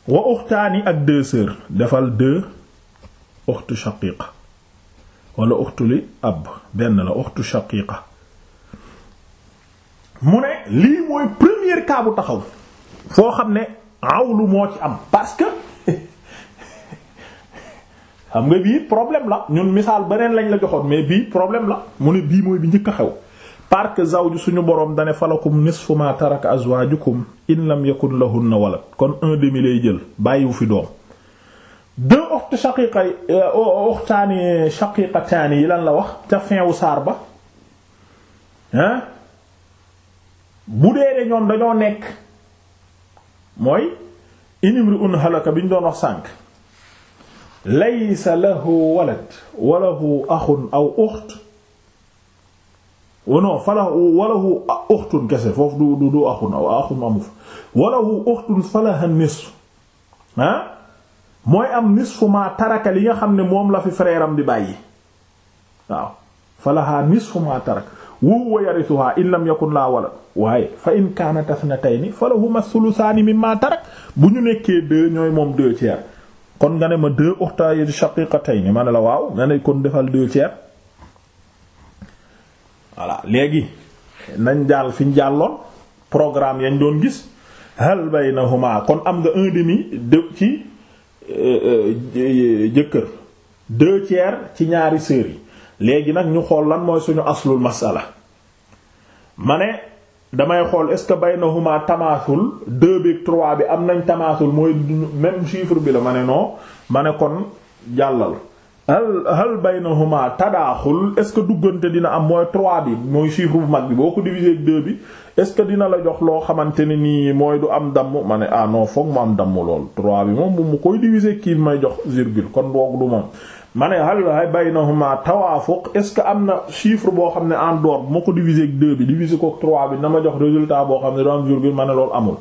wa uxtaani ak deux sœurs defal deux uxtu shaqiiqa wala uxtu li ab benn la uxtu shaqiiqa mu ne lii mooy premier cas taxaw foo xam ne awlu moo ci am parce que xam nga bii problème la ñun misaal beneen lañ la joxoon mais bii problème la mu ne bii mooy bi njëkk a xew parce que zawju suñu boroom dane falakum nisfu ma taraka azwajukum in lam yakun lahunna walad kon un demi lay jël bàyyiwu fi doom deux oxte shaqiqa oxtaani euh, shaqiqataani yi lan la wax ca fin wu saar ba hein bu dee de ñoom dañoo nekk mooy inimri un halaka bi ñu doon wax sànk laysa lahu walad walahu axun aw uxt wono fala walahu uxtun kese foofu du du du axun axun amu uxtun falaha nisf ah mooy am nisfu maa taraka li nga xam ne moom la fi frère am di bàyyi waaw falaha nisfu maa taraka wa huwa yarithuha in lam yakun laa walad waaye fa in kaanat ithnatayni falahuma thuluthaani mimmaa tarak bu ñu nekkee deux ñooy moom deux tiers kon nga ne ma deux uxta shaqiqatayni ma ne la waaw nga ne kon defal deux tiers voilà léegi nañ jàll fi ñu jàlloon programme yañ doon gis na baynahuma kon am nga un demi de ci euh, euh, jëkkër deux tiers ci ñaari sœurs yi léegi nag ñu xool lan mooy suñu aslul masala ma ne damay xool est-ce que baynahuma tamaasul deux bi trois bi am nañ tamaasul mooy même chiffre bi la ma ne non ma ne kon jàllal al hal baynahuma tadaaxul est-ce que duggante dina am mooy 3 bi mooy chiffre bu mag bi boo ko diviser ak bi est-ce que dina la jox loo xamante ne nii mooy du am damm ma ne ah non foog mu am damm lool 3 bi moom mu koy diviser kii may jox virgule kon boog du moom. ma ne hal baynahuma tawaafuq est-ce que am na chiffre boo xam ne en dehors bu ma ko diviser ak bi diviser ko 3 bi na ma jox résultat boo xam ne du am virgule ma ne loolu amul.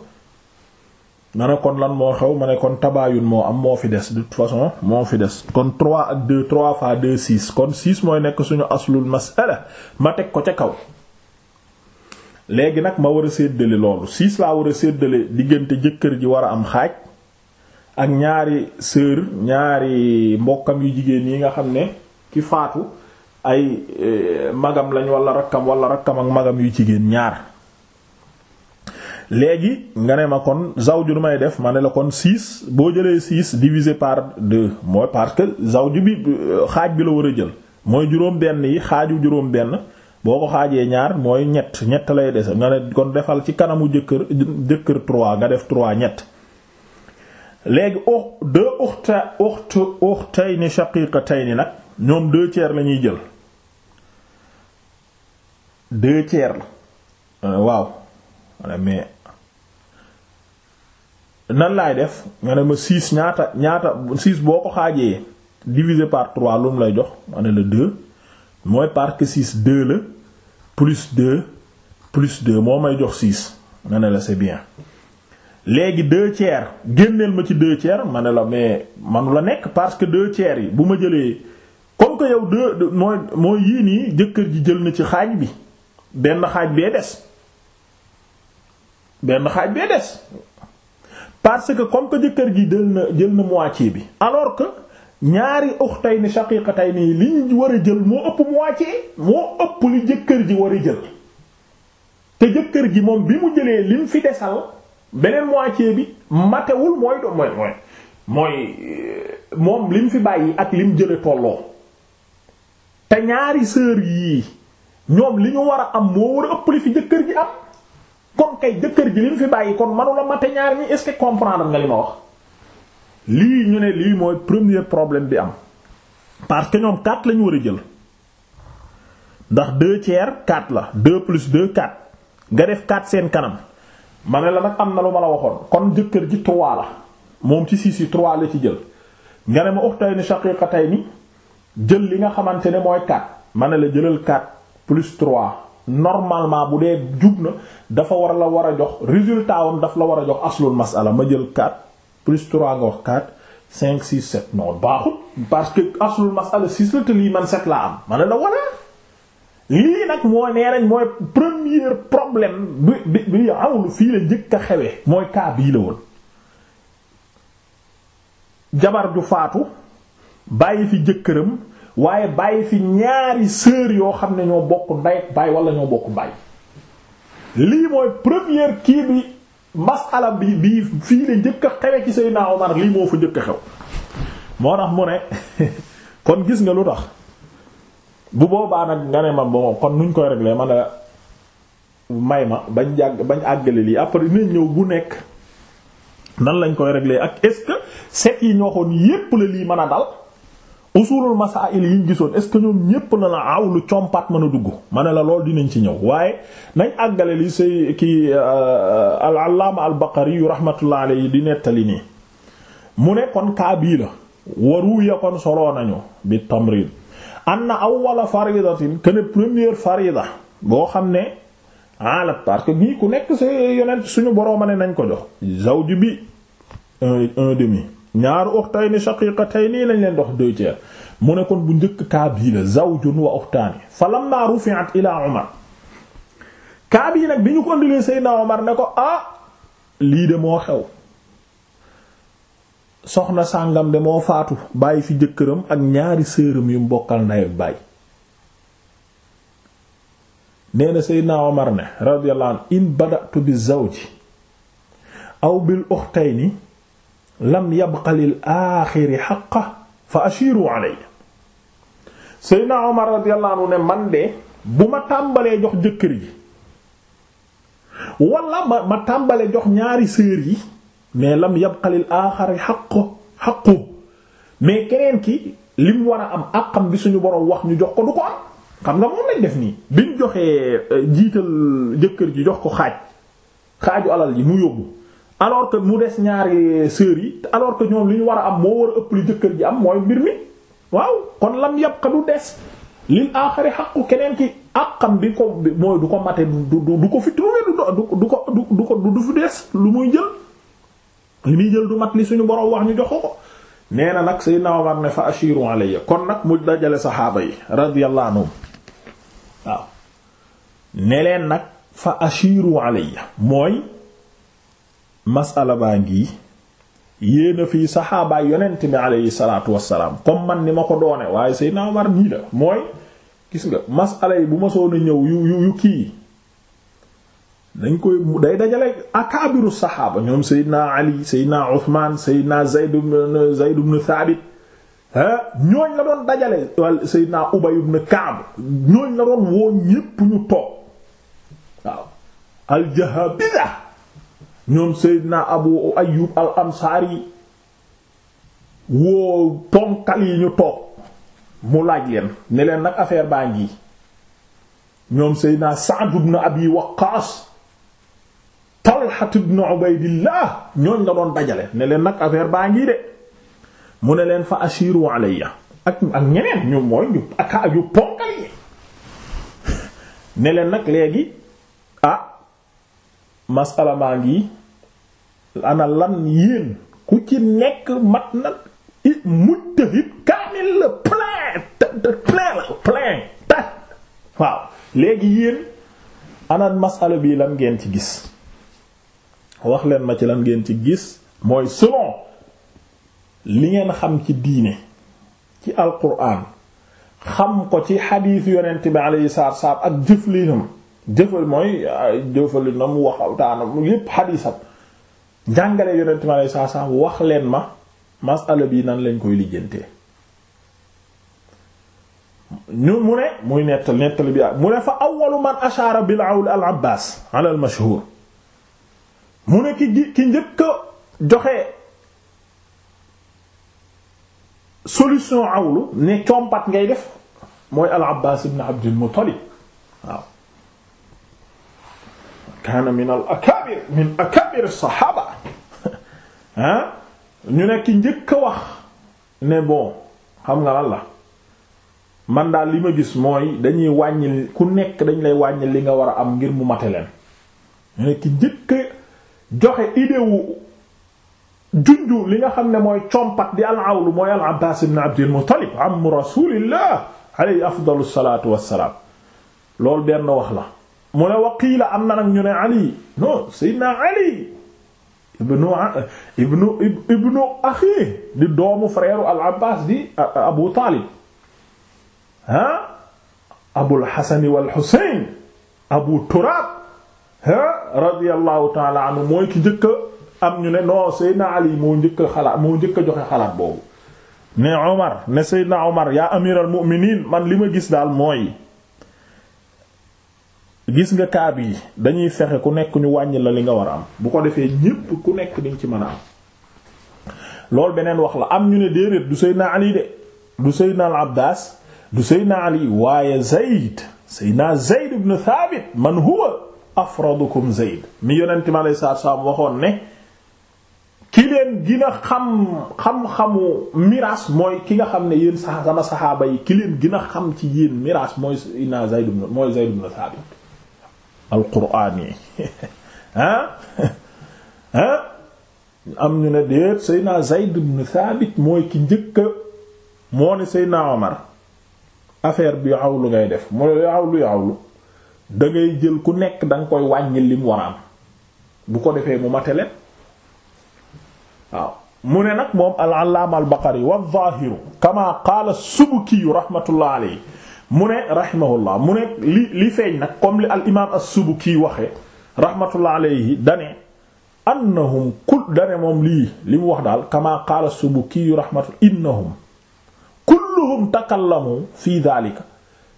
ma ne kon lan moo xew ma ne kon tabaayun moo am moo fi des de toute façon moo fi des kon 3 ak 2 3 fois 2 6 kon 6 mooy nekk suñu mas masala ma teg ko ca kaw léegi nag ma war a séddale loolu 6 laa war a séddale diggante jëkkër ji war a am xaaj ak ñaari sœur ñaari mbokkam yu jigéen yi nga xam ne ki faatu ay eh, magam lañ wala rakkam wala rakkam ak magam yu jigéen ñaar léegi nga ne ma kon zawju du may def ma ne la kon 6 boo jëlee 6 divisé par 2 mooy parce que zawju bi euh, xaaj bi la war a jël mooy juróom-benn yi xaaju juróom-benn boo ko xaajee ñaar mooy ñett ñett lay dese nga ne kon defal ci kanamu jëkkër jëkkër 3 nga def 3 ñett. léegi oh deux uxta uxtu uxtayni shaqiqatayni nag ñoom deux tiers la ñuy jël deux tiers la euh, waaw nan laay def nga ne ma 6 ñaata ñaata 6 boo ko xaajee divisé par 3 lu mu lay jox ma ne la 2 mooy parce que 6 2 la plus 2 plus 2 moo may jox 6 ma ne la c'est bien léegi 2 tiers génneel ma ci 2 tiers ma ne la mais manu la nekk parce que 2 tiers yi bu ma jëlee comme que yow 2 mooy mooy yii nii jëkkër ji jël na ci xaaj bi benn xaaj bee des benn xaaj bee des. parce que comme que jëkkër ji jël na jël na moitié bi alors que ñaari uxtayni shaqiqatayni ñu war a jël moo ëpp moitié moo ëpp li jëkkër ji war a jël te jëkkër ji moom bi mu jëlee lim fi desal beneen moitié bi matewul mooy do mooy mooy mooy euh, moom fi bàyyi ak lim jële tolloo te ñaari sœur yii ñoom li ñu war a am moo war a ëpp li fi jëkkër ji am kon kay jëkkër ji li mu fi bàyyi kon manula mate ñaar ñi est-ce que comprendre nga li ma wax lii ñu ne lii mooy premier problème bi am parce que ñoom 4 lañu war a jël ndax 2 tiers 4 la 2 plus 2 4 nga def 4 seen kanam ma ne la nag am na lu ma la waxoon kon jëkkër ji 3 la moom ci siis yi 3 la ci jël nga ne ma uxtayni shaqiqatayni jël li nga xamante ne mooy 4 ma ne la jëlal 4 plus 3 normalement bu dee jub na dafa war la war a jox résultat wam daf la war a jox aslul masala ma jël 4 plus 3 nga wax 4 5 6 7 non baaxut parce que aslul masala 6 la te lii man 7 laa am ma ne la wala lii nag mooy nee mooy premier problème bi bi bi awlu fii la njëkk a xewee mooy cas bii la woon jabar ju faatu bàyyi fi jëkkëram waaye bàyyi fi ñaari sœur yoo xam ne ñoo bokk ndey baay wala ñoo bokk baay lii mooy première kii bi masala bi bii fii la njëkk a xewe ci Seydina Omar lii moo fa jëkk a xew moo tax mu ne kon gis nga lu tax bu boobaa nag nga ne ma bon kon nuñ koy régler man la may ma bañ jàgg bañ àggale lii après dinañ ñëw bu nekk nan lañ koy régler ak est-ce que set yi ñoo xoon yépp la lii mën a dal usulul masaa'il yi ñu gisoon est ce que ñoom ñépp la la aw lu compat mën a dugg ma ne la lool dinañ ci ñëw waaye nañ àggale li say kii euh, al allaama al baqari yu rahmatullah di nettali nii mu ne kon kaa bii la waru ya kon soloo nañu bi tamrid anna awwala faridatin kene première farida boo xam ne alat parce que bii ku nekk sa yonent suñu borooma ne nañ ko jox zawj bi un demi ñaari uxtayni shaqiqatayni lañ leen dox deux tiers mu ne kon bu njëkk kaa bii la zawjun wa uxtaani falamma rufi'at ila Umar kaa nag bi ñu ko indilee Seydina Umar ne ko ah lii de moo xew soxna sàngam de moo faatu bàyyi fi jëkkëram ak ñaari sëram yu mbokkal nday bàyyi nee na Seydina Umar ne radiyallahu anhu in bada'tu bi zawji aw bil uxtayni lam yabqa lil aaxiri xaqa fa ashiru alay man de bu ma tàmbalee jox jëkkër yi wala ma ma jox ñaari sœurs yi mais lam yabqa lil aaxiri xaqu xaqu mais war a am àqam bi suñu borom wax ñu jox ko ko xam nga moom lañ def joxee euh, jiital jëkkër ji jox ko xaaj ji mu yóbbu. alors que mu des ñaari sœurs yi alors que ñoom li ñu war a am moo war a ëpp lu jëkkër ji am mooy mbir mi waaw kon lam yàpp ka du des lil aaxari xaqu keneen ki àqam bi ko mooy du ko mate du du ko fi trouver du du ko du du fi des lu muy jël li muy jël du mat li suñu borom wax ñu jox ko nee na nag Seydina Omar ne fa ashiru alayya kon nag mu dajale saxaaba yi radiyallahu anhum waaw ne leen nag fa ashiru alayya mooy masala baa ngi yéena fii saxaabaay yonent bi aleyhi wassalaam comme man ni ma ko doone waaye Seydina Omar nii la mooy gis nga masala yi bu ma soon ñëw yu yu kii dañ koy day dajale akaabiru saxaaba ñoom Seydina Ali Seydina Usmaan Seydina Zayd ibn Zayd ibn Thabit ñooñ la Ubay ibn Ka'b ñooñ la doon woo ñépp ñu toog waaw aljahabiza ñoom Seydina Abu Ayyub al Ansari woo ponkal yi ñu toog mu laaj leen ne leen nag affaire baa ngi ñoom Seydina Sa'd ibn Abi Waqqas Talha ibn Ubaydillah ñooñ la doon dajale ne leen nag affaire baa ngi de mu ne leen fa ashiru alayya ak ak ñeneen ñu mooy ñu aka ponkal yi ne nag léegi ah masala maa ngi anal lan yéen ku ci nekk mat na it mujtahid kaamil la plein de plein la ta waaw léegi yéen ana masala bi lan ngeen ci gis wax leen ma ci lan ngeen ci gis mooy selon li ngeen xam ci diine ci alquran xam ko ci xadiis yonent bi alayhi salaatu wassalaam ak jëflinam jëfal mooy jëfali na mu yépp xadiisam jàngale yonent mi alayhi mu wax leen ma masala bii nan leen koy lijjantee ñu mu ne muy nettal nettali bi mu ne fa awwalu man ashaara bil awl al abbaas ala al mu ne ki ki njëkk joxe solution awlu ne compat ngay def mooy al abbaas ibn abdul muttalib waaw kaana min al akabir min akabir sahaba ah ñu nekk njëkk a wax ne bon xam nga lan la man daal li ma gis mooy dañuy wàññi ku nekk dañ lay wàññi li nga war a am ngir mu mate leen ñu nekk njëkk joxe idée wu li nga xam ne mooy compat di alawlu mooy al abbas ibn abdil muttalib am rasulillah alayhi afdalu salatu wassalaam loolu benn wax la mu ne waqiila am na nag ñu ne ali non seydna ali ibnu ibnu ibnu axi di doomu frère al abbas di abu taalib ah abul xasani wal xusayn abu turaab ah radiyallahu taala anhu mooy ki njëkk am ñu ne non seydna ali moo njëkk a xalaat moo njëkk a joxe xalaat boobu ne omar ne seydna omar yaa amiral mu'minin man li ma gis daal mooy gis nga kaab yi dañuy fexe ku nekk ñu wàññi la li nga war am bu ko defee ñépp ku nekk niñ ci man a am loolu beneen wax la am ñu ne déedéet du Seydina Ali de du Seydina al Abbaas du Seydina Ali waaye Zayd Seydina Zayd ibn Thabit man huwa afradukum Zayd mi yonente mi alei saatu salaam waxoon ne ki gi gina xam xam-xamu miraas mooy ki nga xam ne yéen sama saxaaba yi ki gi gina xam ci yéen miraas mooy Seydina Zayd mooy Zayd ibn Thabit alquraan yi ah ah am ñu ne déet Seydina Zayd ibn Thabit mooy ki njëkka moo ne Seydina Omar affaire bi awlu ngay def mooy awlu yawlu da ngay jël ku nekk da koy wàññi lim war bu ko defee mu matele waaw mu ne nag moom al-Allaama al-Baqari wa zaahiru kama qaala Subki rahmatullah alayhi mu ne rahimahullah mu ne li li feeñ nag comme li al imaam as-Subuki waxee rahmatullah alayhi dane annahum kul dane moom lii li mu wax daal kama qaala as-Subuki rahmatu innahum kulluhum takallamu fi dhalika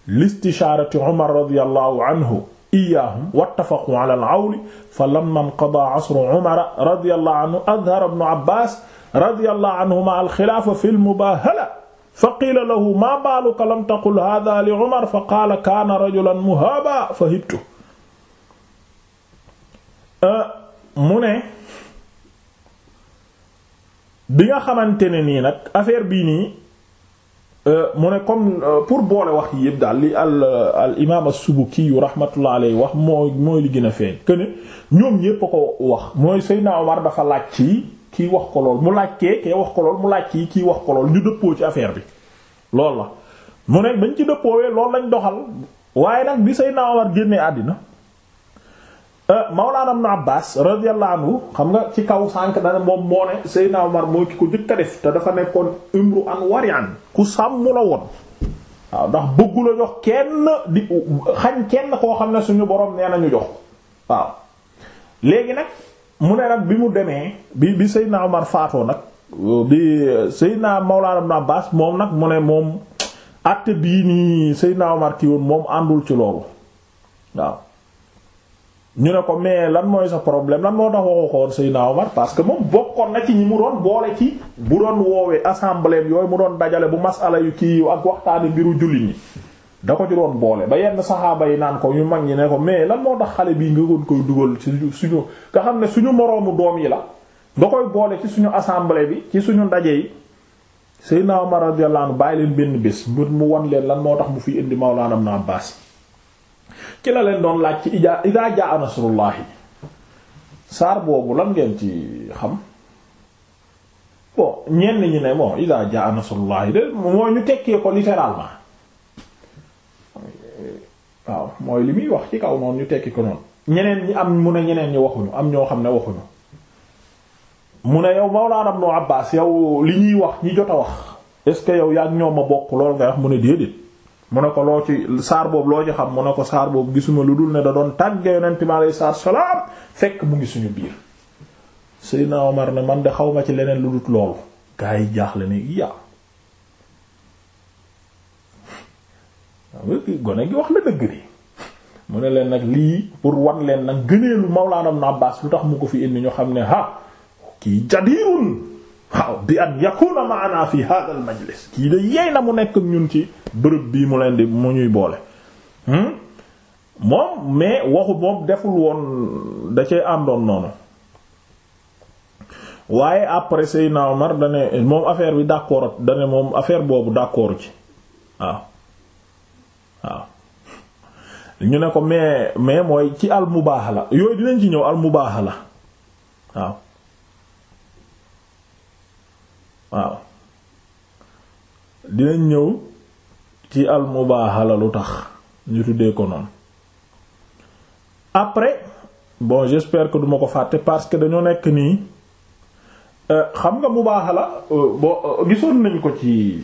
listishaarati Umar radiyallahu anhu iyaahum wattafaqu ala al-awli falamma inqadaa asru Umar radiyallahu anhu adhara ibn Abbaas radiyallahu anhuma al-khilaafa fi al-mubaahala fa qiila lahu maa baaluka lam taqul haadaa li Umar fa qaala kaana rajulan muhaaba fa hibtu euh, mu ne bi nga xamante ne nii nag affaire bii nii euh, mu ne comme euh, pour boole wax yi yëpp li al imaam as-Subuki rahmatullah alayhi wax mooy li gën a feeñ ñoom ñépp ko wax mooy Seydina Omar dafa laaj ci. kii wax ko lool mu laaj kee wax ko lool mu laaj kii kii wax ko lool ñu dëppoo ci affaire bi loolu la mu ne bañ ci dëppoowee loolu lañ doxal waaye nag bi Seydina Omar génne àddina euh, Mawlaana Ibn Abbaas radiyallahu anhu xam nga ci kaw sànq dana moom moo ne Seydina Omar moo ki ko jëkk a def te dafa nekkoon imru an wari'an ku sàmm la woon waaw ndax bëggu jox kenn di xañ kenn koo xam ne suñu borom nee nañu jox waaw léegi nag mu ne nag bi mu demee bi bi Seydina Omar faatoo nag bi sëy Seydina Mawlana Ibn baas moom nag mu ne moom àtte bii nii sëy Omar kii woon moom àndul ci loolu waaw ñu ne ko mais lan mooy sa problème lan moo tax waxoo ko woon Seydina parce que moom bokkoon na ci ñi mu doon boole ci bu doon woowee assemblée yooyu mu doon dajale bu masala yu kii yu ak waxtaani mbiru jullit ñi da ko ci doon boole ba yenn saxaaba yi naan ko yu mag ñi ne ko mais lan moo tax xale bi nga gën koy dugal ci suñu nga xam ne suñu moroomu doom yi la nga koy boole ci suñu assemblée bi ci suñu ndaje yi na Umar radiyallahu anhu bàyyi leen benn bés mbir mu wan leen lan moo tax mu fi indi Mawlana Ibn Abbas ci la leen doon laaj ci ija ida jaa nasrullahi saar boobu lan ngeen ci xam bon ñenn ñi ne bon ida jaa nasrullahi de mooy ñu tekkee ko littéralement waaw mooy li muy wax ci kaw noonu ñu tekki ko noonu ñeneen ñi am mu ne ñeneen ñi waxuñu am ñoo xam ne waxuñu mu ne yow Mawlaana Ibnu Abbaas yow li ñuy wax ñi jot a wax est ce que yow yaa ñoo ma bokk lool nga wax mu ne déedéet mu ne ko loo ci saar boobu loo ci xam mu ne ko saar boobu gisuma lu dul ne da doon tàgge Yonent mi alayhi salaam fekk mu ngi suñu biir na Omar ne man de xaw ma ci leneen lu dut loolu gaa yi jaaxle ne ya gone gi wax la dëgg di mu ne leen nag lii pour wan leen nag gëneelu Mawlaana Ibn Abbaas lu tax mu ko fi indi ñu xam ne ha kii jadirun waaw bi an yakuna maana fi hadha al kii de yeey na mu nekk ñun ci bërëb bii mu leen di mu ñuy boole hmm? moom mais waxu moom deful woon da cee àndoon noonu waaye après Seydina Omar dane moom affaire bi d'accord dane moom affaire boobu d'accord ci waaw waaw ñu ne ko mais mais mooy ci al mubaahala yooyu dinañ ci ñëw al mu baax la waaw waaw dinañ ñëw ci al mu mubaahala lu tax ñu tuddee ko noonu après bon j'espère que duma ko fàtte parce que dañoo nekk nii euh, xam nga mubaahala euh, boo euh, gisoon nañ ko ci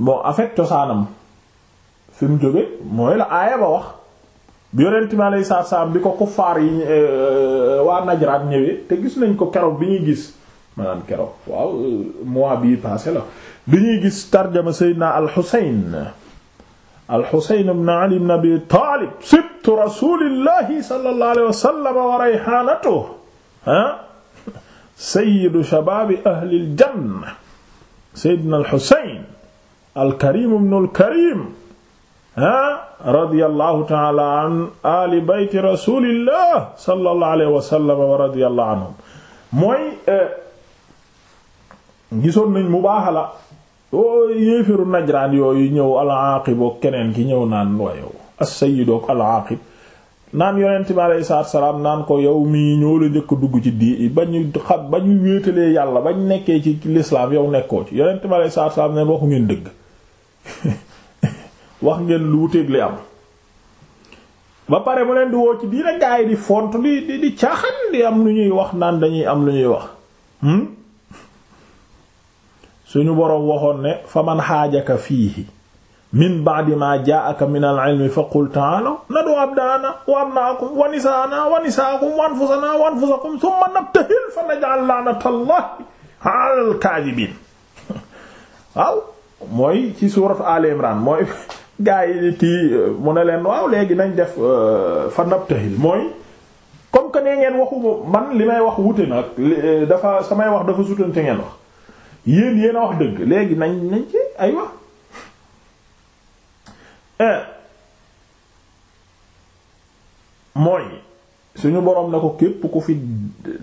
bon en fait cosaanam fi mu jóge mooy la aaya ba wax bi yonent mi alayhi bi ko kuffaar euh, euh, waa Najraan ñëwee te gis nañ ko keroog bi ñuy gis maanaam keroog waaw euh, mois bi ñuy gis tarjama Seydina al-Husayn al-Husayn ibn Ali ibn Abi Taalib sibtu rasuulillahi sallallahu alayhi wa sallam wa rayhaanatuhu ah, al-Husayn alkarim ibnul karim ah radiyallahu ta'ala an ali bayti rasulillah sallallahu alayhi wa sallam mooy eh, gisoon nañ mu baax la oo oh, najraan yooyu ñëw al-Aaqib keneen ki ñëw naan wayow as-sayyid ak al-Aaqib naan yonent bi alayhi salaatu salaam naan ko yow mii ñoo la njëkk dugg ci di ba ñu xam ba ñu wéetalee yàlla ba ñu nekkee ci lislaam yow nekkoo ci yonent bi sa salaatu salaam neen waxu ngeen dëgg wax ngeen lu wuteeg li am ba pare mu leen di woo ci diina gaa yi di font di di di di am lu ñuy wax naan dañuy am lu ñuy wax hmm? suñu boroom waxoon ne fa man xaajaka fiihi min ba'di ma jaa'aka min al-'ilmi fa qul ta'aalaw nad'u abnaa'ana wa abnaa'akum wa nisaa'ana wa nisaa'akum wa anfusanaa wa anfusakum thumma nabtahil fa naj'al la'nata Allahi 'ala al waaw mooy ci suuratu Al Imran mooy gaa yi kii mu ne leen waaw léegi nañ def euh, fa nabtahil mooy comme que nee ngeen waxu man li may wax wute na euh, dafa samay wax dafa sutante ngeen wax yéen yéen a wax dëgg léegi nañ nañ ci ay wax eh. mooy suñu boroom ne ko képp ku fi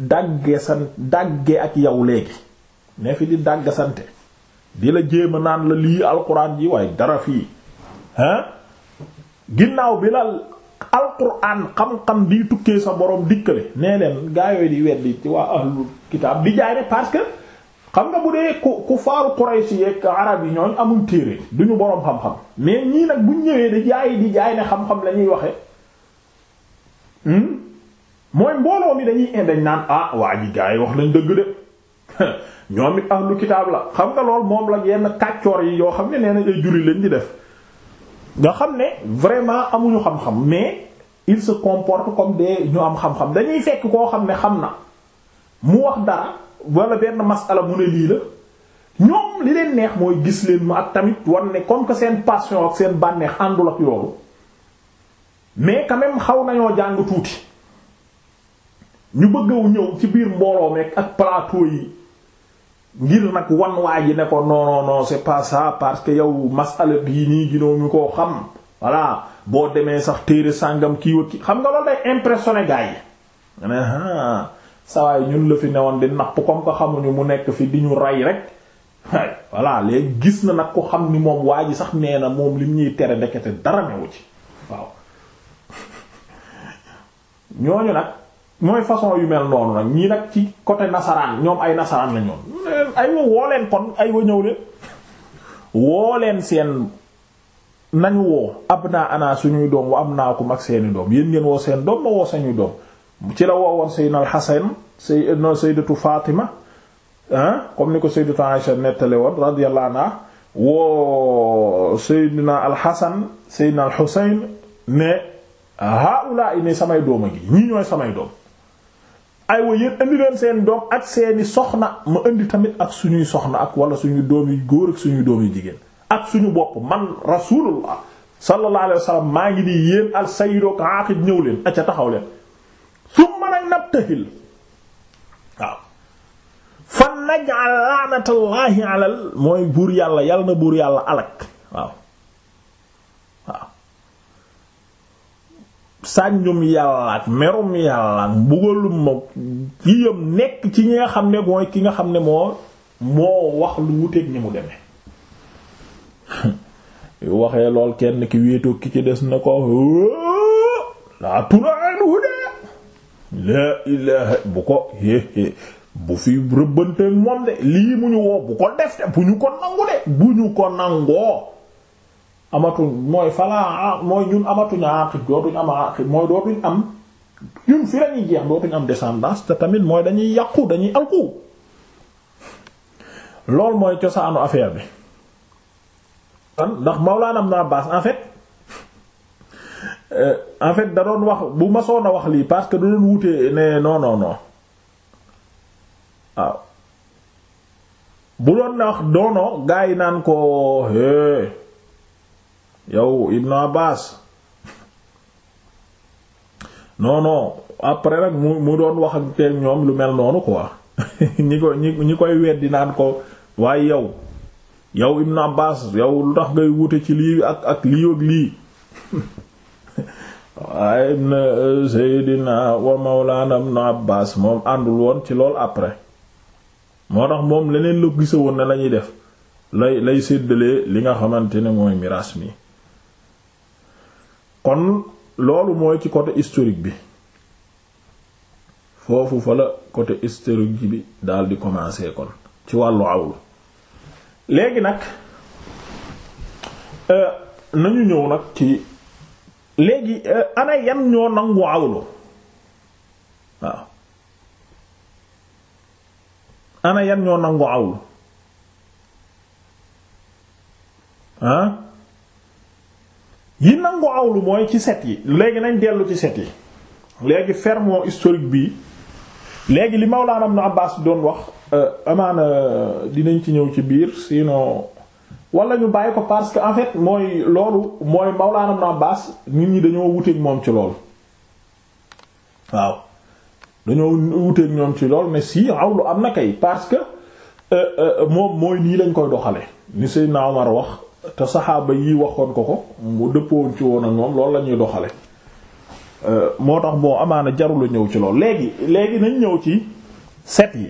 dàgge san dàgge ak yow léegi ne fi di dàggasante di la jéem a naan la lii alquran ji waaye dara fii ah ginnaaw bi la alquran xam-xam di tukkee sa borom dikkale nee leen gaa yooyu di weddi ci waa ahlul kitaab di jaay ne parce que xam nga bu dee ku ku faaru Quraysh yeeg arab yi ñooñ amul téere duñu boroom xam-xam mais ñii nag buñ ñëwee di jaay di jaay ne xam-xam la waxe hmm? mooy mbooloo mi dañuy indañ naan ah waa ji yi wax lañ dëgg de ñoom it ahlu kitaab la xam nga lool moom la yenn kàccoor yi yoo xam ne nee na ay jullit lañ di def nga xam ne vraiment amuñu xam-xam mais ils se comportent comme des ñu am xam-xam dañuy fekk koo xam ne xam na mu wax dara wala benn masala mu ne lii la ñoom li leen neex mooy gis leen mu ak tamit wan ne comme que seen passion ak seen bànneex àndul ak yoolu mais quand même xaw nañoo jàng tuuti ñu bëgg ñëw ci biir mbooloo meek ak plateau yi ngir nag wan waa ji ne ko non non c'est pas parce que yow masala bii nii ginoo mi koo xam voilà boo demee sax téere sàngam kii wa xam nga loolu day impressionné gars yi ne ah, ñun la fi newoon di napp comme ko xamuñu mu nekk fi di ñu rey rek voilà léegi gis na nag ko xam ni moom waa ji sax nee na moom lim ñuy tere ndekete dara newu ci waaw ñooñu nag mooy façon yu mel noonu nag ñii nag ci côté nasaraan ñoom ay nasaraan la aywa woo leen kon aywa ñëw leen woo leen seen nañu woo ab naa ana suñuy doom wa am naa ko mag seeni doom yéen ngeen woo seen doom ma woo sañuy doom ci la woowoon Seydina al-Hasan Seydina Sayyidatu ah, comme ni ko Sayyidatu Aisha nettale woon radiyallahu anha woo Seydina al-Hasan Seydina ne haula ini samay doom a ngi ñii ñooy samay doom aywa yéen indi leen seen doom ak seeni soxna ma indi tamit ak suñuy soxna ak wala suñu doom yu góor ak suñu doom yu jigéen ak suñu bopp man rasulullah sallallahu alayhi wa maa ngi nii yéen al sayyidu Aaqib ñëw leen acca taxaw leen summa nag nabtahil waaw fa naj'al la'natallahi alal mooy buur yàlla yàlla na buur yàlla alak waaw sànjum yàlla ak merum yàlla mbugalum ma kiyam nekk ci ñi nga xam ne mooy ki nga xam ne moo moo wax lu wuteeg ñi mu demee yu waxee lool kenn ki wéetoog ki ci des na ko laa turaan wu de laa ilaaha bu ko bu fi rëbbanteeg moom de lii mu ñu woo bu ko def de bu ñu ko nangu de bu ñu ko nangoo amatuñ mooy falaa mooy ñun amatuñu aqib dootuñ am aqib mooy dootuñ am ñun fi la jeex dootuñ am descendance te tamit mooy dañuy yàqu dañuy alku loolu mooy cosaanu affaire bi ndax Mawlana Ibn Abbas en fait euh, en fait da doon wax bu ma soon wax lii parce que da doon wutee ne non waaw bu doon na wax doono gaa naan ko hee yow Ibn Abbas non non après nag mu mu doon wax ak teel ñoom lu mel noonu quoi ñi ko ñi koy weddi naan ko waaye yow yow Ibn Abbas yow lu tax ngay wute ci lii ak ak lii ak lii waaye Ibn euh, Seydina wa Mawlana Ibn moom àndul woon ci lool après moo tax moom leneen la gisawoon ne lañuy def lay lay séddalee li nga xamante ne mooy miraas mi kon loolu mooy ci côté historique bi foofu fa la côté historique bi daal di commencer kon ci wàllu awlu léegi nag euh, nañu ñëw nag ci léegi euh, ana yan ñoo nangu awlu waaw ana yan ñoo nangu awlu ah yi nangu awlu mooy ci set yi léegi nañ dellu ci set yi léegi fermo historique bi léegi li Mawlaana Ibn Abbaas doon wax euh, amaana euh, dinañ ci ñëw ci biir sinon wala ñu bàyyi ko parce que en fait mooy loolu mooy Mawlaana Ibn Abbaas nit ñi dañoo wuteeg moom ci lool waaw dañoo wuteeg ñoom ci loolu mais si awlu am na kay parce que euh, moom mooy nii lañ koy doxale ni Seydina Umar wax te saxaaba yi waxoon ko ko mu dëppoon ci woon ak ñoom loolu la ñuy doxale euh, moo tax bon amaana jarula ñëw ci loolu léegi léegi nañ ñëw ci set yi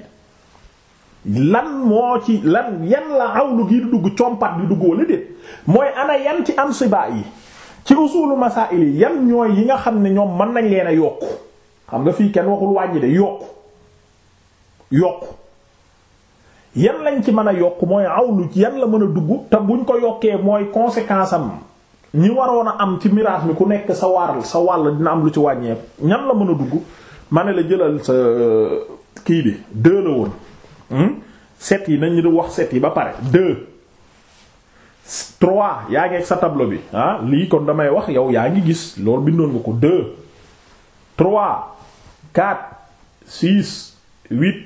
lan moo ci lan yan la awlu gi dugg compat di dugg wala déet mooy ana yan ci am siba yi ci usulu masail yi yan ñooy yi nga xam ne ñoom mën nañ leen a yokk xam nga fii kenn waxul wàññi de yokk yokk yan lañ ci mën a yokk mooy awlu yan la mën a dugg te bu buñ ko yokkee mooy conséquence am ñi waroon a am ci miraas mi ku nekk sa waar sa wàll dina am lu ci wàññeek ñan la mën a dugg ma ne la jëlal sa euh, kii bi deux la woon hmm? set yi nañu wax set yi ba pare deux trois yaa ngi ak sa tableau bi ah lii kon damay wax yow yaa ngi gis loolu bindoon nga ko deux trois quatre six huit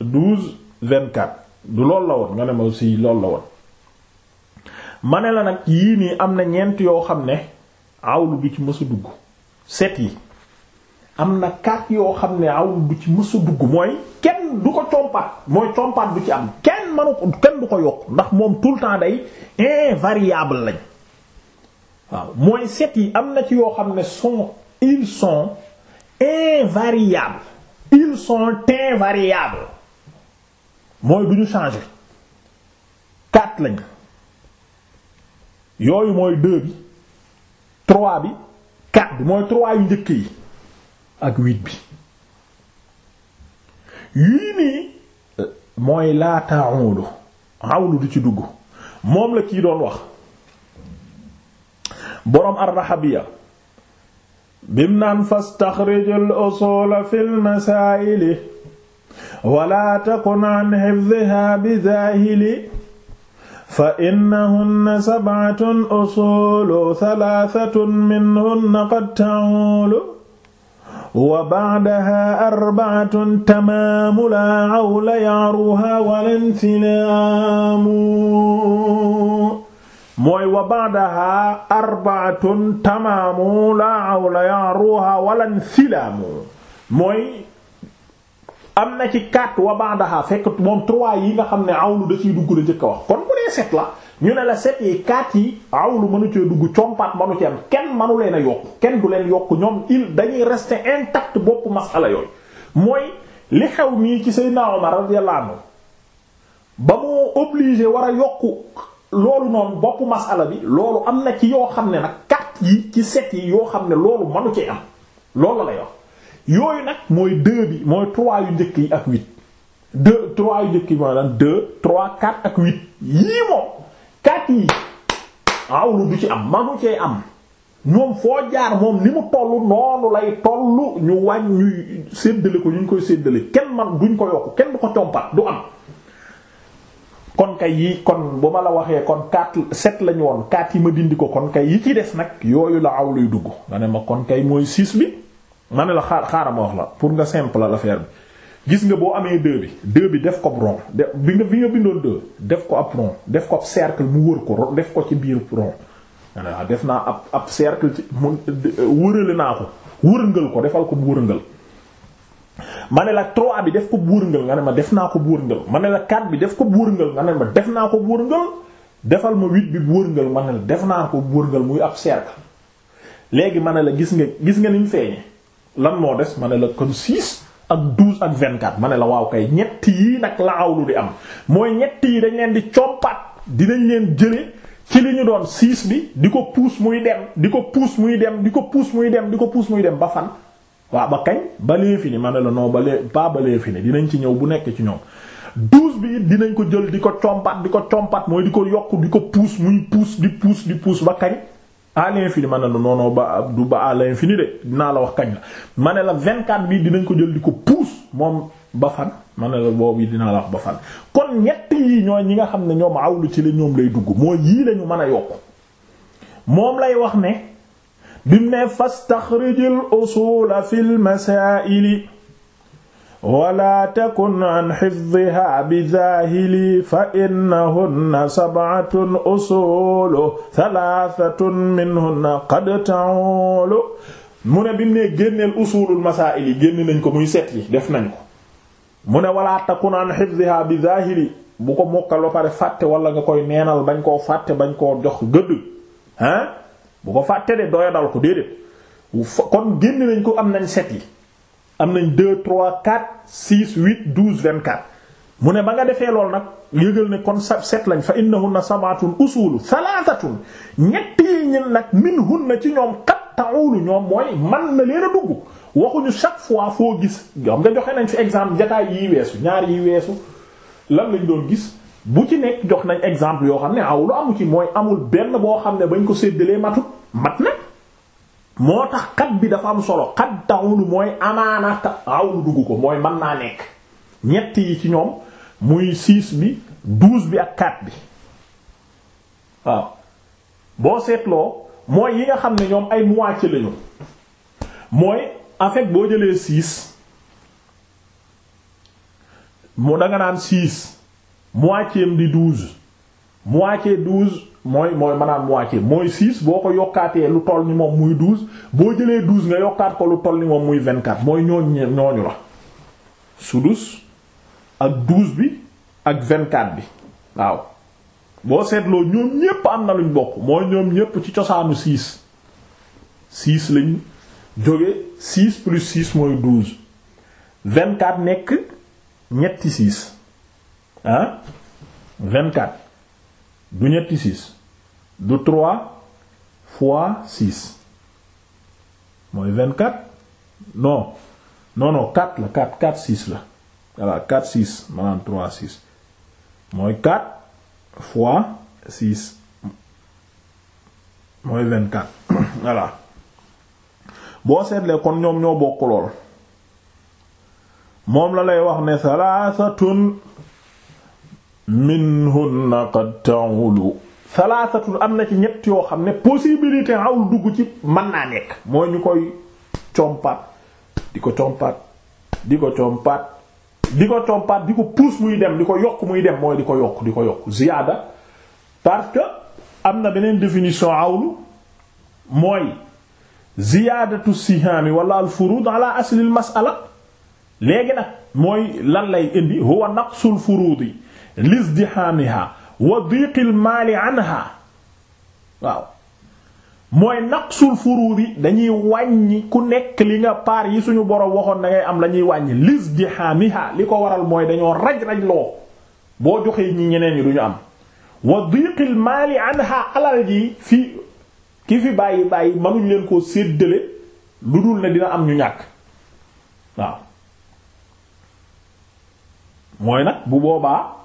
douze vingt du loolu la woon nga ne ma si loolu la woon ma ne la nag yii nii am na ñeent yoo xam ne awlu du ci mësa dugg set yi am na quatre yoo xam ne awlu du ci mësa dugg mooy kenn du ko compaat mooy compaat du ci am kenn manu ko kenn du ko yokk ndax moom tout le temps day invariable lañ waaw mooy set yi am na ci yoo xam ne sont ils sont invariables ils sont invariables mooy du ñu changer quatre lañ yooyu mooy deux bi trois bi quatre bi mooy trois yu njëkk yi ak huit bi yii nii euh, mooy laata awlu awlu du ci dugg moom la kii doon wax boroom ar-Rahabiyya bim naan fastaxrijul usuula fil masaa'ili wala takun an hifdiha bi zaahili fa innahunna sab'atun usulu thalathatun minhunna qad ta'ulu wa ba'daha arba'atun tamaamu laa awla ya'ruha wala insilaamu mooy wa ba'daha arba'atun tamaamu laa awla ya'ruha wala insilaamu mooy am na ci quatre wa ba'daha fekk moom trois yi nga xam ne awlu da ciy duggu la jëkk a wax kon bu dee sept la ñu ne la set yi quatre yi awlu mënu cee dugg compat mënu ci am kenn mënu leen a yokk kenn du leen yokk ñoom il dañuy reste intact boppu masala yooyu mooy li xew mii ci Seydina Omar radiyallahu anhu ba moo obligé war a yokk loolu noonu boppu masala bi loolu am na ci yoo xam ne nag quatre yi ci set yi yoo xam ne loolu mënu ci am loolu la lay wax yooyu nag mooy deux bi mooy trois yu njëkk yi ak huit deux trois yu njëkk yi maanaam deux trois quatre ak huit yii moom quatre yi awlu du ci am manu cee am ñoom foo jaar moom ni mu toll noonu lay toll ñu wàññ ñuy séddale ko ñu koy séddale kenn man duñ ko yokk kenn du ko compat du am kon kay yi kon bu ma la waxee kon quatre sept lañu woon quatre yi ma dindi ko kon kay yi ci des nag yooyu la awluy dugg nga ne ma kon kay mooy six bi ma ne la xaar xaaral ma wax la pour nga simple l'affaire bi gis nga boo amee deux bi deux bi def ko rond de bi bi nga def ko ab rond def ko ab mu wër ko def ko ci biir rond waaw naa ab ab cercle ci mu naa ko wërngal ko defal ko bu wërngal ma ne la trois bi def ko bu wërngal nga ne ma def naa ko bu wërngal ma ne la quatre bi def ko bu nga ne ma def naa ko bu wërngal defal ma huit bi bu wërngal ma la def naa ko bu wërngal muy ab cercle léegi ma ne la gis nga gis nga ni mu lan moo des ma ne la kon 6 ak 12 ak 24 ma ne la waaw kay ñett yii nag la awlu di am mooy ñett yi dañ leen di compat dinañ leen jële ci li ñu doon 6 bi di ko puus muy dem di ko puus muy dem di ko puus muy dem di ko puus muy dem ba fan waaw ba kañ ba léefi ni ma ne la noo ba lee pas ba léefi ni dinañ ci ñëw bu nekk ci ñoom douze bi it dinañ ko jël di ko compat di ko compat mooy di ko yokk di ko puus muy puus di puus di puus ba kañ à l'infini ma ne la ba du ba à l'infini de dinaa la wax kañ la ma la 24 bii dinañ ko jël di ko pousse moom ba fan ma la boobu dinaa la wax ba fan kon ñett yii ñooy ñi nga xam ne ñoom awlu ci la ñoom lay dugg mooy yii lañu man a yokk moom lay wax ne bim ne fastaxrijil usula fil masaili wala takun an xifdiha bi daahili fa innahunna sab'atun usulu thalathatun minhunna qad ta'ulu mu ne bi mu ne génneel usulul masaa'il yi génn nañ ko muy set def nañ ko mu ne wala takun an xifdiha bi daahili bu ko mokkal ba pare fàtte wala nga koy neenal bañ koo fàtte bañ koo jox gëdd ah bu ko fàtte de doyadal ko déedéet kon génn nañ ko am nañ set yi am nañ 2 3 4 6 8 12 24 mu ne ba nga defee lool nag yëgal ne kon sa set lañ fa innahunna sabatun usulu thalathatun ñetti yi ñun nag na ci ñoom kat ta'ulu ñoom mooy man na leen a dugg waxuñu chaque fois foo gis xam nga joxe nañ fi exemple jataay yi weesu ñaar yi weesu lan lañ doon gis bu ci nekk jox nañ exemple yoo xam ne awlu amu ci mooy amul benn boo xam ne bañ ko séddalee matut mat na moo tax xat bi dafa am solo xat taxunu mooy amaana awlu dugg ko mooy man naa nekk ñett yi ci ñoom muy six bi douze bi ak quatre bi waaw boo seetloo mooy yi nga xam ne ñoom ay moitié lañu mooy en fait boo jëlee six mu da naan naan six moitié di douze moitié douze mooy mooy maanaam moitié mooy 6 boo ko yokkaatee lu toll ni moom muy 12 boo jëlee 12 nga yokkaat ko lu toll ni moom muy 24 mooy ñooñu ñooñu la sudus ak 12 bi ak 24 bi waaw boo seetloo ñoom ñépp am na luñ bokk mooy ñoom ñépp ci cosaanu 6 6 lañ jóge 6 plus 6 mooy 12 24 nekk ñetti 6 ah 24. du ñetti six du trois fois six mooy vingt-quatre non non non la quatre quatre six la voilà quatre six maanaam trois six mooy quatre fois six mooy vingt-quatre voilà boo seetlee kon ñoom ñoo bokk lool moom la lay wax ne salaasatun minhunna qad ta'ulu thalathatun am na ci ñett yoo xam ne possibilité awul dugg ci man naa nekk mooy ñu koy compaat di ko compaat di ko compaat di ko compaat di ko pousse muy dem di ko yokk muy dem mooy di ko yokk di ko yokk ziyaada parce am na beneen définition awlu mooy ziyaadatu sihaami wala al furud ala aslil masala léegi nag mooy lan lay indi huwa naqsul furudi lisdihaamiha wa diqil maali anha waaw mooy naqsul furuudi dañuy wàññi ku nekk li nga paar yi suñu borom waxoon na am la ñuy wàññi lisdihaamiha li ko waral mooy dañoo raj-raj loo boo joxee ñi ñeneen yi duñu am wa diqil maali anha alal ji fi ki fi bàyyi bàyyi mënuñ leen koo séddale lu dul ne dina am ñu ñàkk waaw mooy nag bu boobaa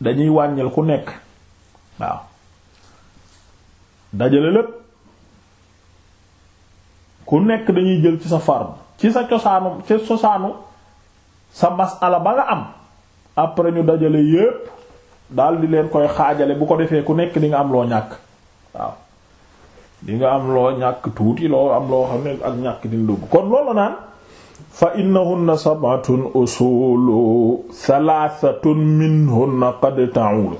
dañuy wàññil ku nekk waaw dajale lépp ku nekk dañuy jël ci sa farm ci sa cosaanu ci cosaanu sa masala ba nga am après ñu dajale yépp daal di leen koy xaajale bu ko defee ku nekk di nga am loo ñàkk waaw di nga am loo ñàkk tuuti loo am loo xam ne ak ñàkk di dugg kon loolu naan fa innahunna sab'atun usulu thalathatun minhunna qad ta'ulu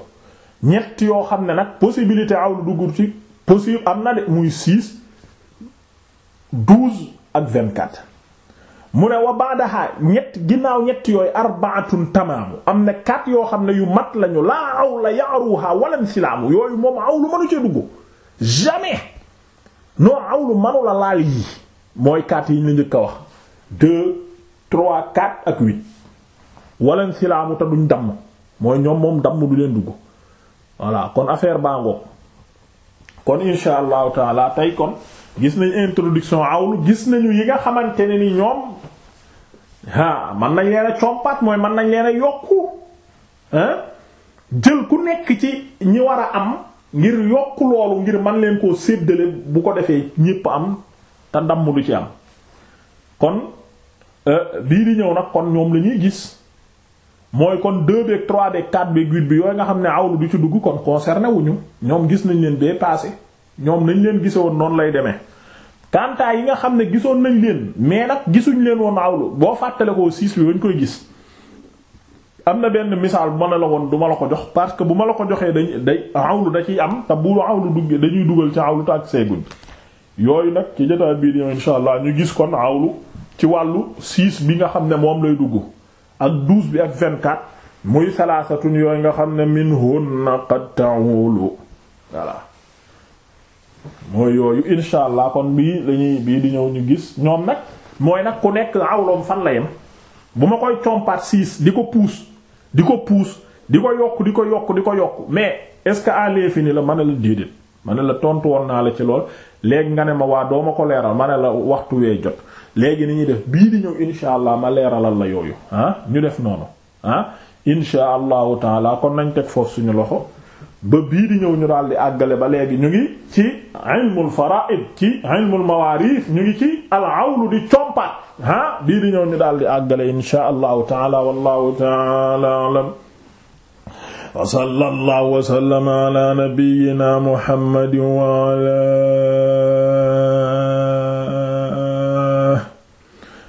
ñett yoo xam ne nag possibilité awlu dugub ci possible am na de muy six ak vingt-quatre mu ne wa ba'daha ñett ginnaaw ñett yooyu arba'atun tamaamu am na quatre yoo xam ne yu mat lañu laa awla ya'ruha wala silaamu yooyu moom awlu mënu cee dugg jamais non awlu mënu laal yi mooy quatre yi ñu njëkk a wax. deux trois quatre ak huit walan silaamu te duñ damm mooy ñoom moom damm du leen dugg voilà kon affaire baa ngoog kon insha allahu taala tey kon gis nañ introduction awlu gis nañu yi nga xamante ne ni ñoom ah mën nañ leen a compat mooy man nañ leen a yokku ah jël ku nekk ci ñi war a am ngir yokk loolu ngir man leen koo séddale bu ko defee ñépp am te damm du ci am kon Euh, bii di ñëw nag kon ñoom la ñuy gis mooy kon 2 beeg 3 beeg 4 beeg bi yooyu nga xam ne awlu du ci dugg kon concerné wuñu ñoom gis nañ leen bee passé ñoom nañ leen gise woon noonu lay demee kantaa yi nga xam ne gisoon nañ leen mais nag gisuñ leen woon awlu boo fàttale ko siis bi gis am na benn misaal bu ma ne la woon du ma la ko jox parce que bu ma la ko joxee dañ day awlu da ciy am te bu awlu dugg dañuy dugal ci awlu te yooyu nag ci jotaay bii di insha allah ñu gis kon awlu ci wàllu 6 bi nga xam ne moom lay dugg ak 12 bi ak 24 muy salaasatun yooyu nga xam ne min hunna qad ta'ulu voilà mooy yooyu insha allah kon bii lañuy bii di ñëw ñu gis ñoom nag mooy nag ku nekk awloom fan la yem bu ma koy compaat 6 di ko puus di ko puus di ko yokk di ko yokk di ko yokk mais est-ce que à l'infini la mën a la déedéet mën a la tontu woon naa la ci lool léegi nga ne ma waa doo ma ko leeral ma ne la waxtu wee jot léegi ni ñuy def bii di ñëw insha allah ma leeralal la yooyu ah, ñu def noonu ah taala kon nañ teg foofu suñu loxo ba bii di ñëw ñu daal di àggale ba léegi ñu ngi ci ilmul fara'id ci ilmul mawaris ñu ngi ci al-awlu di compat ah bii di ñu daal di àggale insha allahu taala wallahu